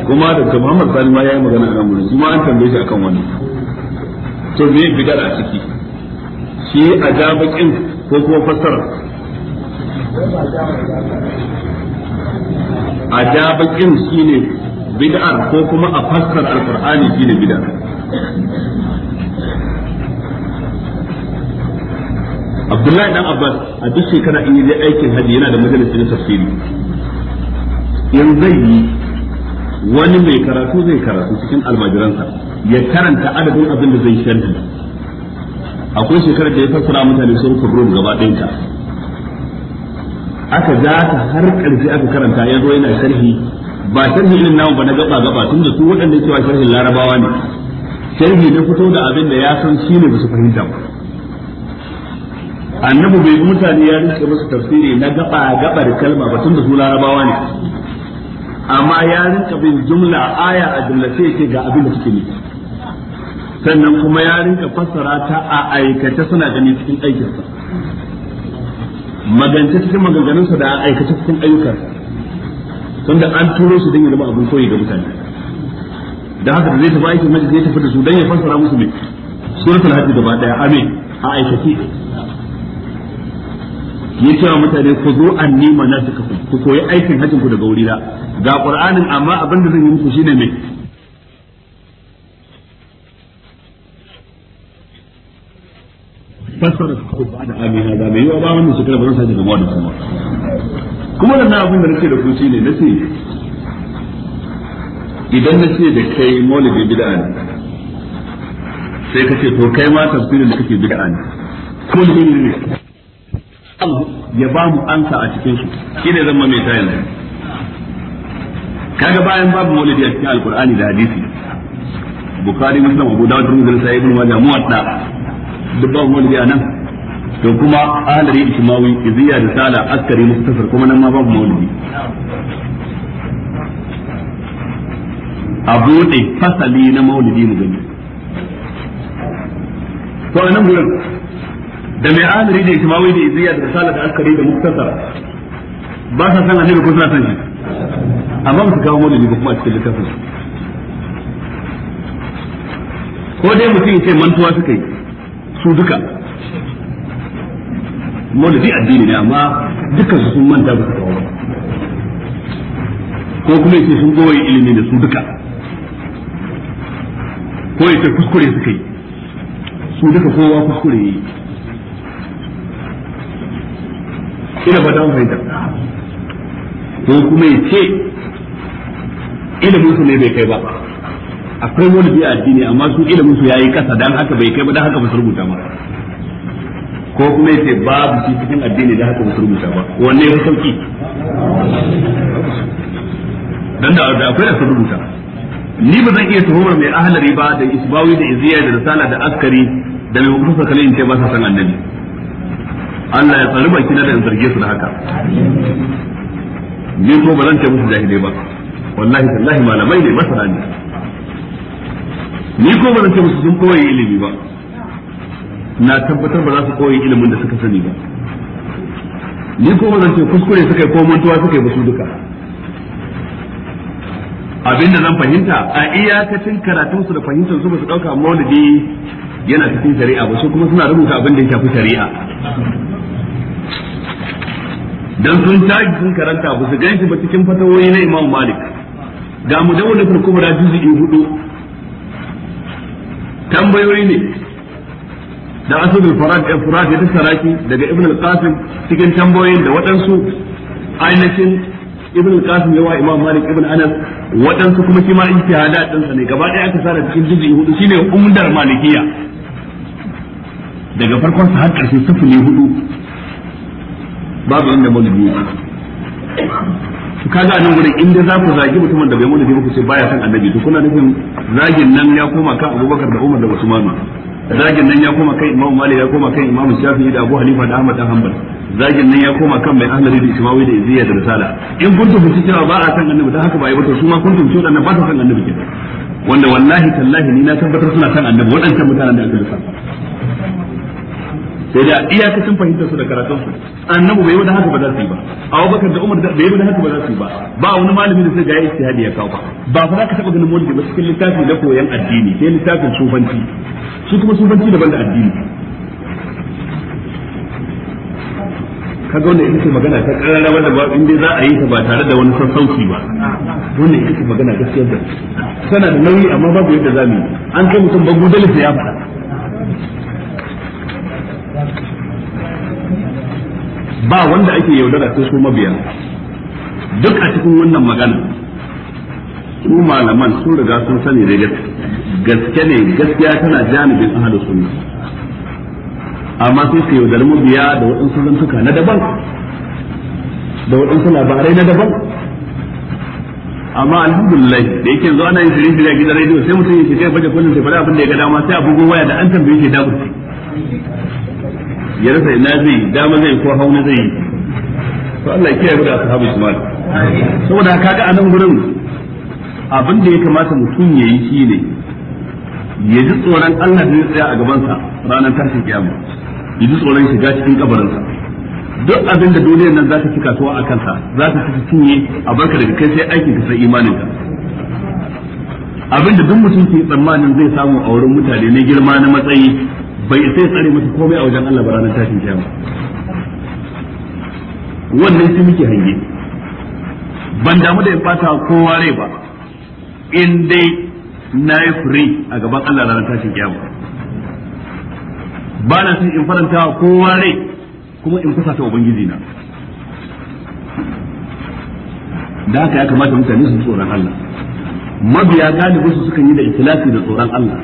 kuma da Muhammad Sani ma yi magana a nan gurin kuma an tambaye shi akan wani. to me bidar a ciki shi a jabakin ko kuma fassara a shi ne bid'ar ko kuma a fassara shi ne bid'ar abdullahi dan abbas a duk shekara in yi aikin haji yana da na tafsiri in zai yi wani mai karatu zai karatu cikin almajiransa ya karanta adadin abin da zai sharhi akwai shekarar da ya fassara mutane sun kubrum gaba aka za ta har ƙarshe aka karanta ya zo yana sharhi ba sharhi ilin namu ba na gaba gaba tun da su waɗanda cewa sharhin larabawa ne sharhi na fito da abin da ya san shi ne ba su fahimta ba annabi bai mutane ya rinka musu tafsiri na gaba gaba da kalma ba tun da su larabawa ne amma ya rinka bin jumla aya a jumlace yake ga abin da suke nufi sannan kuma ya rinka fassara ta a aikata suna gani cikin aikinsa magance cikin maganganunsa da a aikata cikin ayyukansa tunda an turo su don ya zama abin koyi ga mutane da haka da zai tafi aikin majalisa zai tafi da su don ya fassara musu ne suratul hajji gaba daya amin a aikace ya wa mutane ku zo an nima na suka ku ku koyi aikin hajjin ku daga wurina ga qur'anin amma abin da zan yi muku shine mai fassara su ba da amina da mai yiwa ba wannan shekara ba zan sake gama da kuma kuma da na abin da nake da ku shine nace idan nace da kai maulidi bid'a ne sai kace to kai ma tafsirin da kake bid'a ne ko ne ne ya ba mu ansa a cikin su shine mai mamaita yanzu kaga bayan babu maulidi a cikin alqur'ani da hadisi bukhari muslim abu dawud ibn sa'id ibn majah muwatta duk babu maulidi a nan to kuma alari ishmawi iziya da sala askari mustafar kuma nan ma babu maulidi a buɗe fasali na maulidi mu gani to a nan gurin da mai amiri da ismawi da iziya da risala da askari da muktasar ba sa san annabi ko suna san shi amma ba su kawo maulidi ba kuma a cikin littafin ko dai mutum ya ce mantuwa suka yi su duka maulidi addini ne amma dukkan su sun manta ba su kawo ko kuma yace sun goyi ilimi da su duka ko yace kuskure suka yi su duka kowa kuskure yi ina ba don fahimta ko kuma ya ce ilimin su ne bai kai ba akwai wani biya addini amma su ilimin su yayi kasa dan haka bai kai ba dan haka ba su rubuta ba ko kuma ya ce babu shi cikin addini dan haka ba su rubuta ba wanne ya sauki dan da akwai da su rubuta ni ba zan iya tuhumar mai ahlari ba da isbawi da iziya da risala da askari da mai hukumar kalin ce ba sa san annabi Allah ya tsari baki na da in zarge su da haka ni ko ba zan ce musu jahilai ba wallahi tallahi malamai ne masana ne ni ko ba zan ce musu sun koyi ilimi ba na tabbatar ba za su koyi ilimin da suka sani ba ni ko ba zan ce kuskure suka yi ko mantuwa suka yi ba su duka da zan fahimta a iyakacin karatun su da fahimtar su ba su dauka maulidi yana cikin shari'a ba su kuma suna rubuta abin da ya shafi shari'a dan sun tashi sun karanta ba su ganshi ba cikin fatawoyi na Imam Malik ga mu dawo da kubra in hudu tambayoyi ne da asudul farad da furad da saraki daga ibn al-qasim cikin tambayoyin da waɗansu ainihin ibn al-qasim yawa imam malik ibn anas waɗansu kuma shi ma ijtihada din sa ne gaba ɗaya aka sara cikin in hudu shine umdar malikiya daga farkon sa har ƙarshe sifili hudu babu inda maulidi yake to kaga anan gurin inda za ku zagi mutumin da bai maulidi ba ku ce baya san annabi to kuna nufin zagin nan ya koma kan Abubakar da Umar da Usman zagin nan ya koma kan Imam Malik ya koma kan Imam Shafi'i da Abu Hanifa da Ahmad da Hanbal zagin nan ya koma kan mai Ahmad da Ismawi da Izziya da Risala in kuntum ku cewa ba a san annabi dan haka ba yi ba to su ma kuntum ku dan ba ta san annabi kenan wanda wallahi tallahi ni na tabbatar suna san annabi waɗancan mutanen da aka lissafa sai da iyakacin fahimtar su da karatun su annabi bai wada haka ba za su yi ba bakar da umar da bai wada haka ba za su yi ba ba wani malami da sai ga ijtihadi ya kawo ba ba fa za ka taba ganin mulki ba cikin littafin da koyan addini sai littafin sufanci su kuma sufanci daban da addini kaga wannan ita ce magana ta karara wanda ba in dai za a yi ta ba tare da wani sassauci ba wannan ita ce magana gaskiyar da tana da nauyi amma babu yadda zamu yi an kai mutum ba gudalisa ya faɗa ba wanda ake yaudara sai su mabiya duk a cikin wannan magana su malaman sun riga sun sani da gaske ne gaskiya tana janibin hada sunna amma sai su yaudari mabiya da waɗansu zantuka na daban da waɗansu labarai na daban amma alhamdulillah da yake yanzu ana yin shirin shirya gidan rediyo sai mutum ya shiga ya baje kullum sai faɗa abin da ya ga dama sai a waya da an tambaye shi da ya rasa ina zai dama zai ko hauna zai to Allah ya kiyaye da ashabu Ismail saboda kaga a nan gurin abin da ya kamata mutum yayi shine ya ji tsoron Allah da ya tsaya a gabansa ranar tashin kiyama ya ji tsoron shiga cikin kabarinsa duk abin da duniyar nan za ta ci kasuwa a kansa za ta ci cinye a barka daga kai sai aikin ka sai imanin ka abin da duk mutum ke tsammanin zai samu a wurin mutane na girma na matsayi bai isa ya tsare masa komai a wajen Allah ba ranar tashin kiyama wannan shi muke hange ban damu da in fata kowa rai ba in dai na yi fure a gaban Allah ranar tashin kiyama ba na son in faranta wa kowa rai kuma in kusa ta ubangiji na da haka ya kamata mutane su tsoron Allah mabiya galibi su sukan yi da ikhlasi da tsoron Allah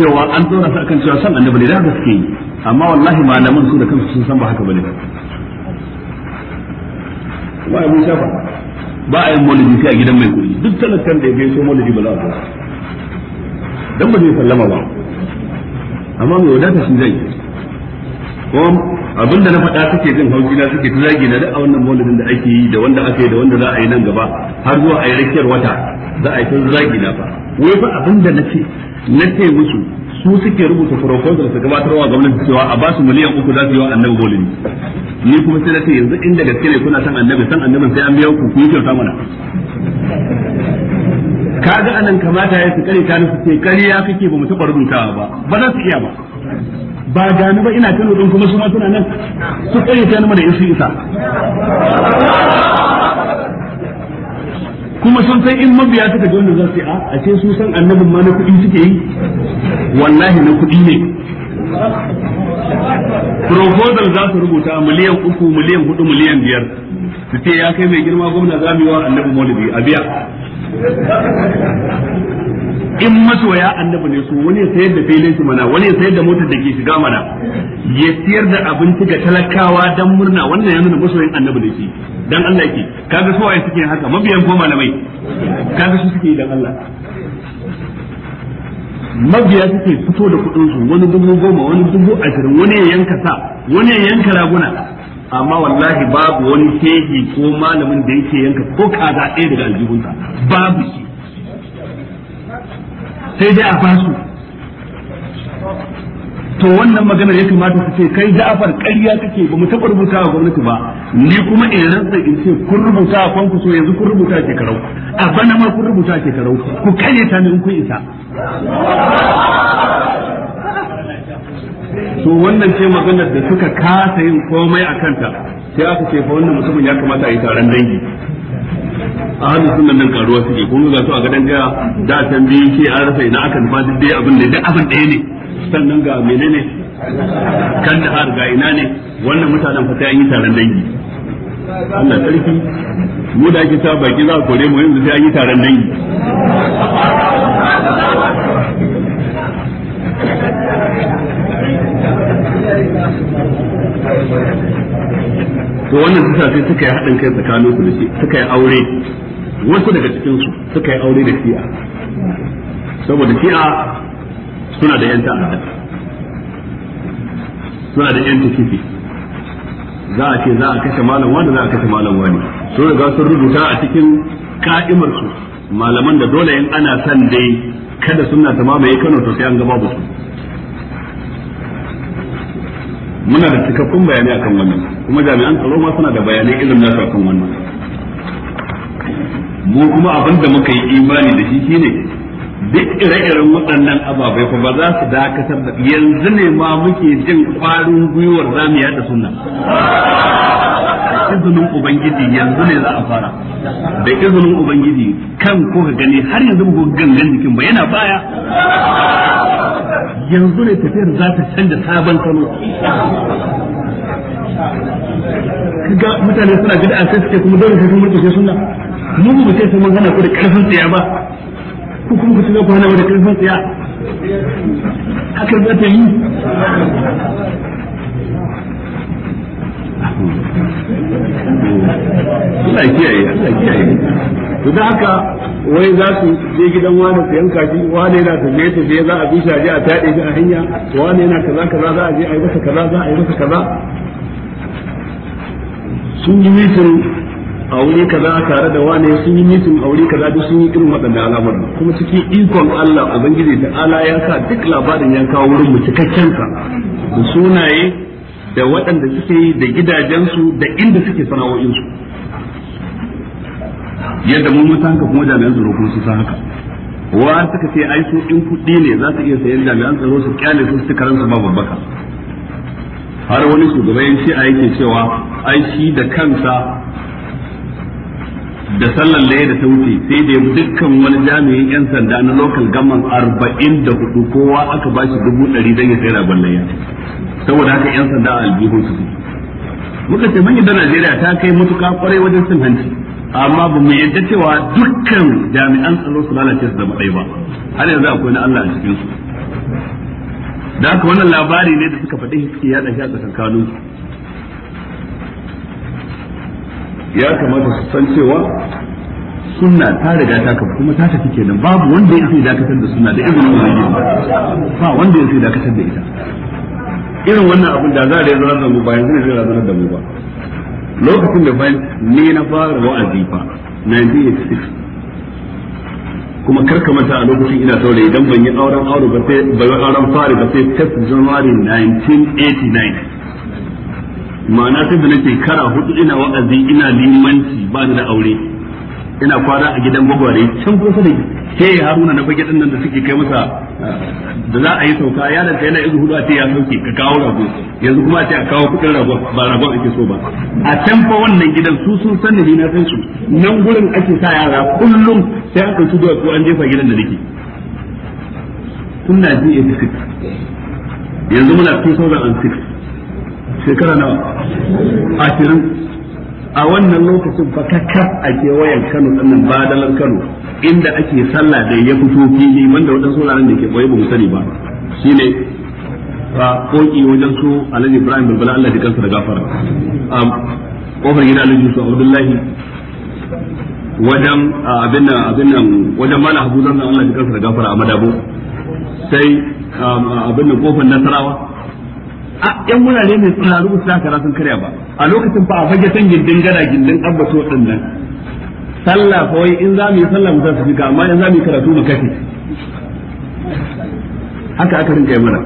cewa an zo su akan cewa san annabi ne da haka suke yi amma wallahi malaman su da kansu sun san ba haka bane ba mun shafa ba a yin maulidi sai a gidan mai kuɗi duk talakan da ya so maulidi ba za a kula dan ba zai sallama ba amma mai wadata shi zai ko abin da na faɗa suke jin hauki na suke ta zagi na da wannan maulidin da ake yi da wanda aka yi da wanda za a yi nan gaba har zuwa a yi rakiyar wata za a yi ta zagi na fa wai fa abin da na ce na ce musu su suke rubuta proposal su gabatarwa gwamnati cewa a basu miliyan uku za su yi wa annabi bolin ni kuma sai na ce yanzu inda gaske ne kuna san annabi san annabi sai an biya ku ku yi kyauta mana kaga anan kamata ya su kare ta su ce kariya kake ba mu taɓa rubutawa ba ba za su iya ba ba gani ba ina kano din kuma su ma suna nan su kare ta mana da isu isa kuma sun san in mabiya suka ji wanda za su yi ah, a ce su san annabin ma na kuɗi suke yi wallahi na kuɗi ne proposal za su rubuta miliyan uku miliyan hudu miliyan biyar su ce ya kai mai girma gwamna za mu yi wa annabi maulidi a biya in masoya annabi ne su wani sayar da filin su mana wani sayar da motar da ke shiga mana ya siyar da abinci ga talakawa dan murna wannan ya nuna masoyin annabi ne shi dan Allah yake kaga su waye suke haka mabiyan ko malamai kaga su suke dan Allah mabiya suke fito da kudin su wani dubu goma wani dubu ashirin wani ya yanka sa wani ya yanka raguna amma wallahi babu wani shehi ko malamin da yake yanka ko kaza ɗaya daga aljihunsa babu shi sai dai a fasu to wannan maganar ya kamata su ce kai ja'afar karya kake ba mu taɓa rubuta wa gwamnati ba ni kuma in rantsa in ce kun rubuta a kwanku so yanzu kun rubuta ke karau. a bana ma kun rubuta ke karau. ku kare ta in kun isa to wannan ce maganar da suka kasa yin komai a kanta sai aka ce fa wannan mutumin ya kamata a yi taron dangi a hannun sunan nan karuwa suke kun ga su a gadon gaya da san biyu ke an rasa ina aka nufa duk dai abin da duk abin ɗaya ne sannan ga menene kan da har ga ina ne wannan mutanen fata yi taron dangi Allah sarki mu da ake sa baki za a kore mu yanzu sai an yi taron dangi Thank you. to wannan ta sai suka yi haɗin kai tsakanin su da shi suka yi aure wasu daga cikin su suka yi aure da shi'a saboda shi'a suna da 'yanta ta'adda suna da 'yanta kifi za a ce za a kashe malam wani za a kashe malam wani sun riga sun rubuta a cikin ka'imar su malaman da dole in ana son dai kada suna ta mamaye Kano to sai an gaba ba su muna da cikakkun bayanai akan wannan kuma jami'an tsaro ma suna da bayanai ilimin nasu akan wannan mu kuma abin da muka yi imani da shi shine duk ire-iren waɗannan ababai ko ba za su dakatar da yanzu ne ma muke jin ƙwarin gwiwar zamu yada sunna izinin ubangiji yanzu ne za a fara da izinin ubangiji kan ko ka gani har yanzu ba gangan jikin ba yana baya yanzu ne tafiyar za ta canza sabon salo ga mutane suna gida a sai suke kuma dole su sun mulke sunna mu ba sai mun hana ku da karfin tsaya ba ku kuma ku shiga ku hana wani karfin tsaya haka za ta yi Allah kiyaye Allah kiyaye to da haka wai za su je gidan wani su yanka shi wani yana tafiye tafiye za a bi shi a je a taɗe shi a hanya wani yana kaza kaza za a je a yi masa kaza za a yi masa kaza sun yi mitin Aure kaza tare da wane sun yi mitin aure kaza duk sun yi irin waɗannan alamar kuma cikin ikon Allah ubangiji da ala ya sa duk labarin yanka wurin mu cikakken ka da sunaye da waɗanda suke yi da gidajensu da inda suke sana'o'insu yadda mun mutan ka kuma jami'an tsaro kuma su san haka wa suka ce ai su in kuɗi ne za su iya sayan jami'an tsaro su kyale su su karanta babu baka har wani shugaban yan a yake cewa ai shi da kansa da sallar laye da ta wuce sai da ya dukkan wani jami'in yan sanda na lokal gaman arba'in da hudu kowa aka bashi dubu ɗari don ya sai ragon layya saboda haka yan sanda a aljihun su muka ce manyan da najeriya ta kai matuka kwarai wajen cin hanci amma ba mu yadda cewa dukkan jami'an tsaro su lalace su zama ɗaya ba har yanzu akwai na allah a cikin su da haka wannan labari ne da suka faɗi suke yaɗa shi a tsakaninsu ya kamata su san cewa sunna ta riga ta kafa kuma ta tafi kenan babu wanda ya sai dakatar da sunna da izinin ubangiji ba wanda ya sai dakatar da ita irin wannan abin da za a yanzu da mu ba yanzu zai ranar da mu ba lokacin da bayan ne na fara wa'azi fa 1986 kuma ka mata a lokacin ina saurayi idan ban yi auren aure ba sai ban auren fari ba sai 5 January 1989 ma'ana sai da nake kara hudu ina wa'azi ina limanci ba ni da aure ina kwana a gidan bagware can kusa da ke haruna na fage nan da suke kai masa da za a yi sauka ya da yana izu hudu a ce ya sauke ka kawo rago yanzu kuma a ce a kawo kudin rago ba rago ake so ba a can fa wannan gidan su sun sani ni na san su nan gurin ake sa yara kullum sai an ɗauki duwatsu an jefa gidan da nake tun na ji yanzu muna an 2006 shekara na ashirin a wannan lokacin fa kakkar a kewayen Kano sannan badalar Kano inda ake sallah da ya fito fili wanda wadansu wuraren da ke boye ba mu sani ba shine ba koki wajen su Alhaji Ibrahim Bilbala Allah jikan kansa da gafara a kofar gida Alhaji su Abdullahi wajen abin nan abin nan wajen Malam Habu zan Allah jikan kansa da gafara a Madabo sai abin nan kofar Nasarawa a yan wurare mai suna rubuta su kara sun karya ba a lokacin fa a fage san gindin gada gindin abbaso din nan sallah fa wai in za mu yi sallah mu su shiga amma in za mu yi karatu mu kafe haka aka rinka yi mana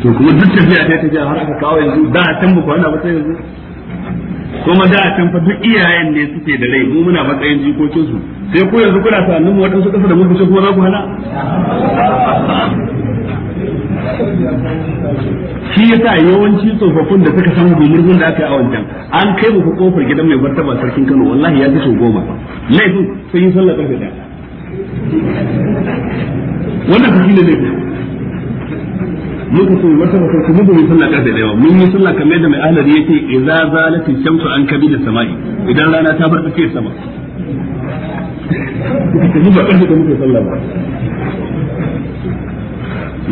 to kuma duk tafiya ta tafiya har aka kawo yanzu da a can ba kwana ba sai yanzu kuma da a can fa duk iyayen ne suke da rai mu muna matsayin jikokin su sai ko yanzu kuna sanin mu waɗansu ƙasa da sai kuma za ku hana shi sa yawanci tsofaffin da suka samu gumurgun da aka yi a wancan an kai mu kofar gidan mai martaba sarkin Kano wallahi ya ji sau goma laifin sun yi sallah karfe daya wannan kuma ne laifin mun lokacin martaba sarki mun yi sallah karfe daya mun yi sallah kamar yadda mai ahlari yace na zalati shamsu an kabi da samai idan rana ta bar tsakiyar sama kuka ba karfe da muke sallah ba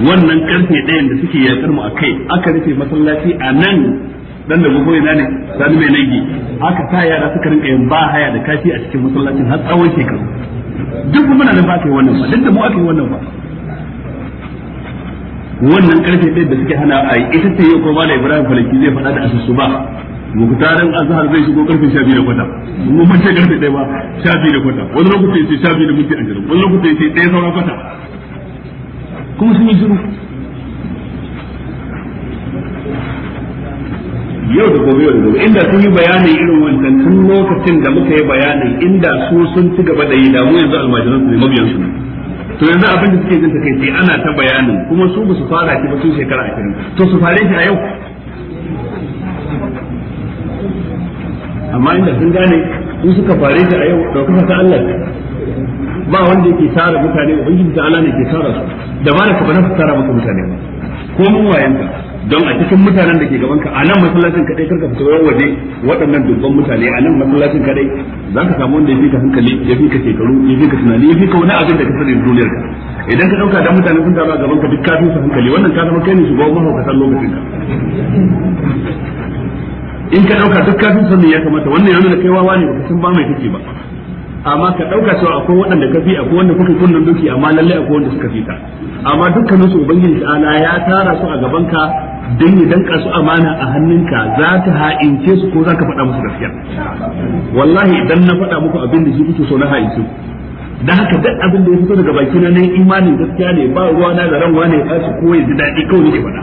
wannan karfe ɗayan da suke yaƙar mu a kai aka rufe masallaci a nan dan da gobe na ne sani mai nagi aka sa yara suka rinka yin ba haya da kashi a cikin masallacin har tsawon shekaru duk muna da ba kai wannan ba duk da mu aka yi wannan ba wannan karfe ɗaya da suke hana a yi ita ce yau ba da ibrahim falaki zai faɗa da asusu ba muktarin azhar zai shigo karfe 12 da kwata mu mun ce karfe ɗaya ba 12 da kwata wani lokaci sai 12 da minti 20 wani lokaci sai ɗaya sauran kwata kuma sun yi shiru yau da gobe yau inda sun yi bayanin irin wancan tun lokacin da muka yi bayanin inda su sun ci gaba da yi damu yanzu almajiran su ne mabiyan su to yanzu abin da suke jinta ta sai ana ta bayanin kuma su ba su fara shi ba sun shekara ashirin to su fare shi a yau amma inda sun gane su suka fare shi a yau kuma ta Allah ba wanda yake tara mutane ubangiji ta Allah ne ke tara su da ba ka bana tara maka mutane ko mun ka don a cikin mutanen da ke gaban ka a nan masallacin kadai karka fito waje waɗannan dubban mutane a nan masallacin kadai za ka samu wanda ya ka hankali ya fi ka shekaru ya fi ka tunani ya fi ka wani abin da ka sani duniyar ka idan ka dauka da mutane sun taru gaban ka duk ka su hankali wannan ka zama kai ne shugaban mahaukatan lokacin ka in ka dauka duk ka su ya kamata wannan ya nuna kai wawa ne baka san ba mai kake ba amma ka dauka cewa akwai waɗanda ka fi akwai wanda kuka kunnan duki amma lalle akwai wanda suka fita ka amma dukkanin su ubangiji ta'ala ya tara su a gaban ka dan ya danka su amana a hannunka za ta ha'ince su ko za ka faɗa musu gaskiya wallahi idan na faɗa muku abin da shi kuke so na ha'ince da haka duk abin da ya fito daga baki na nan imanin gaskiya ne ba ruwa na da ranwa ne ya ko ya ji daɗi kawai ne faɗa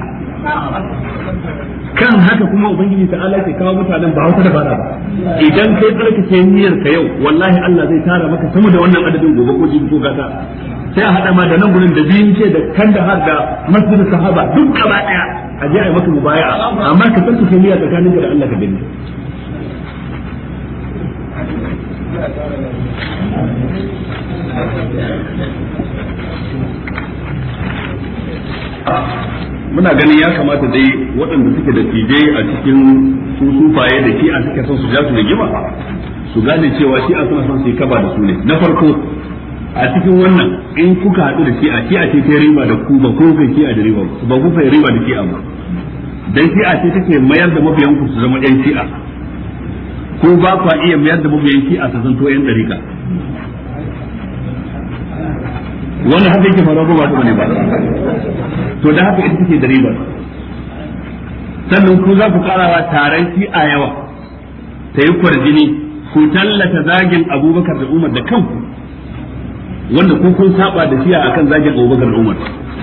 kan haka kuma ubangiji ta Allah ke kawo mutanen ba wata dabara ba idan kai tsarkake niyyar ka yau wallahi Allah zai tara maka sama da wannan adadin gobe ko jin ko gata sai a hada ma da nan gurin da biyun ce da kan da har da masjidin sahaba duk gaba daya a je a maka mubaya amma ka tsarkake niyyar tsakaninka da Allah ka dinga Thank you. muna ganin ya kamata dai waɗanda suke da tije a cikin su sufaye da ki a suke son su jasu da gima su gane cewa shi a suna son su yi kaba da su ne na farko a cikin wannan in kuka haɗu da ki a ki a ce ke riba da ku ba ko kai ki a da riba ba ku kai riba da ki a ba dan ki a ce take mayar da mabiyan ku su zama yan a ko ba ku iya mayar da mabiyan ki a su zanto yan ɗarika. wannan haka yake faruwa ba ta bane ba to da haka ita take da ribar sannan ku za ku karawa taron shi a yawa ta yi kwarjini ku tallata zagin abubakar da umar da kanku wanda ku kun saba da siya akan zagin abubakar da umar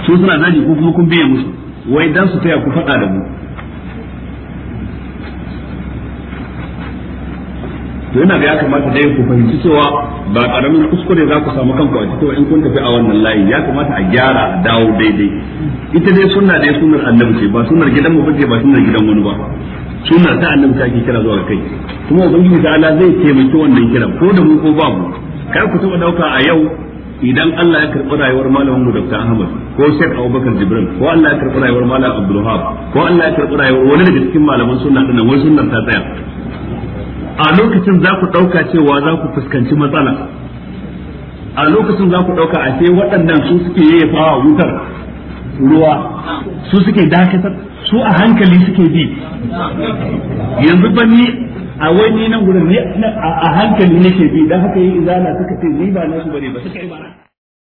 su suna zagi ku kuma kun biya musu wai dan su taya ku faɗa da mu to yana ga ya kamata dai ku fahimci cewa ba karamin kuskure za ku samu kanku a cikin in kun tafi a wannan layi ya kamata a gyara a dawo daidai ita dai sunna dai sunnar annabi ce ba sunnar gidan mu ba sunnar gidan wani ba sunnar ta annabi ta ke kira zuwa kai kuma ubangiji ta Allah zai taimaki wannan kira ko da mu ko ba mu kar ku taba dauka a yau idan Allah ya karɓi rayuwar malamin mu Dr. Ahmad ko Sheikh Abubakar Jibril ko Allah ya karɓi rayuwar malam Abdul Wahab ko Allah ya karɓi rayuwar wani daga cikin malaman sunna dinnan wai sunnar ta tsaya a lokacin za ku ɗauka cewa za ku fuskanci matsala a lokacin za ku ɗauka a ce waɗannan su suke fawa wutar ruwa su suke dakatar su a hankali suke bi yanzu ba ni a wai ni nan gudun a hankali nake bi don haka yi izana suka ce ni ba na ba ne ba suka yi ba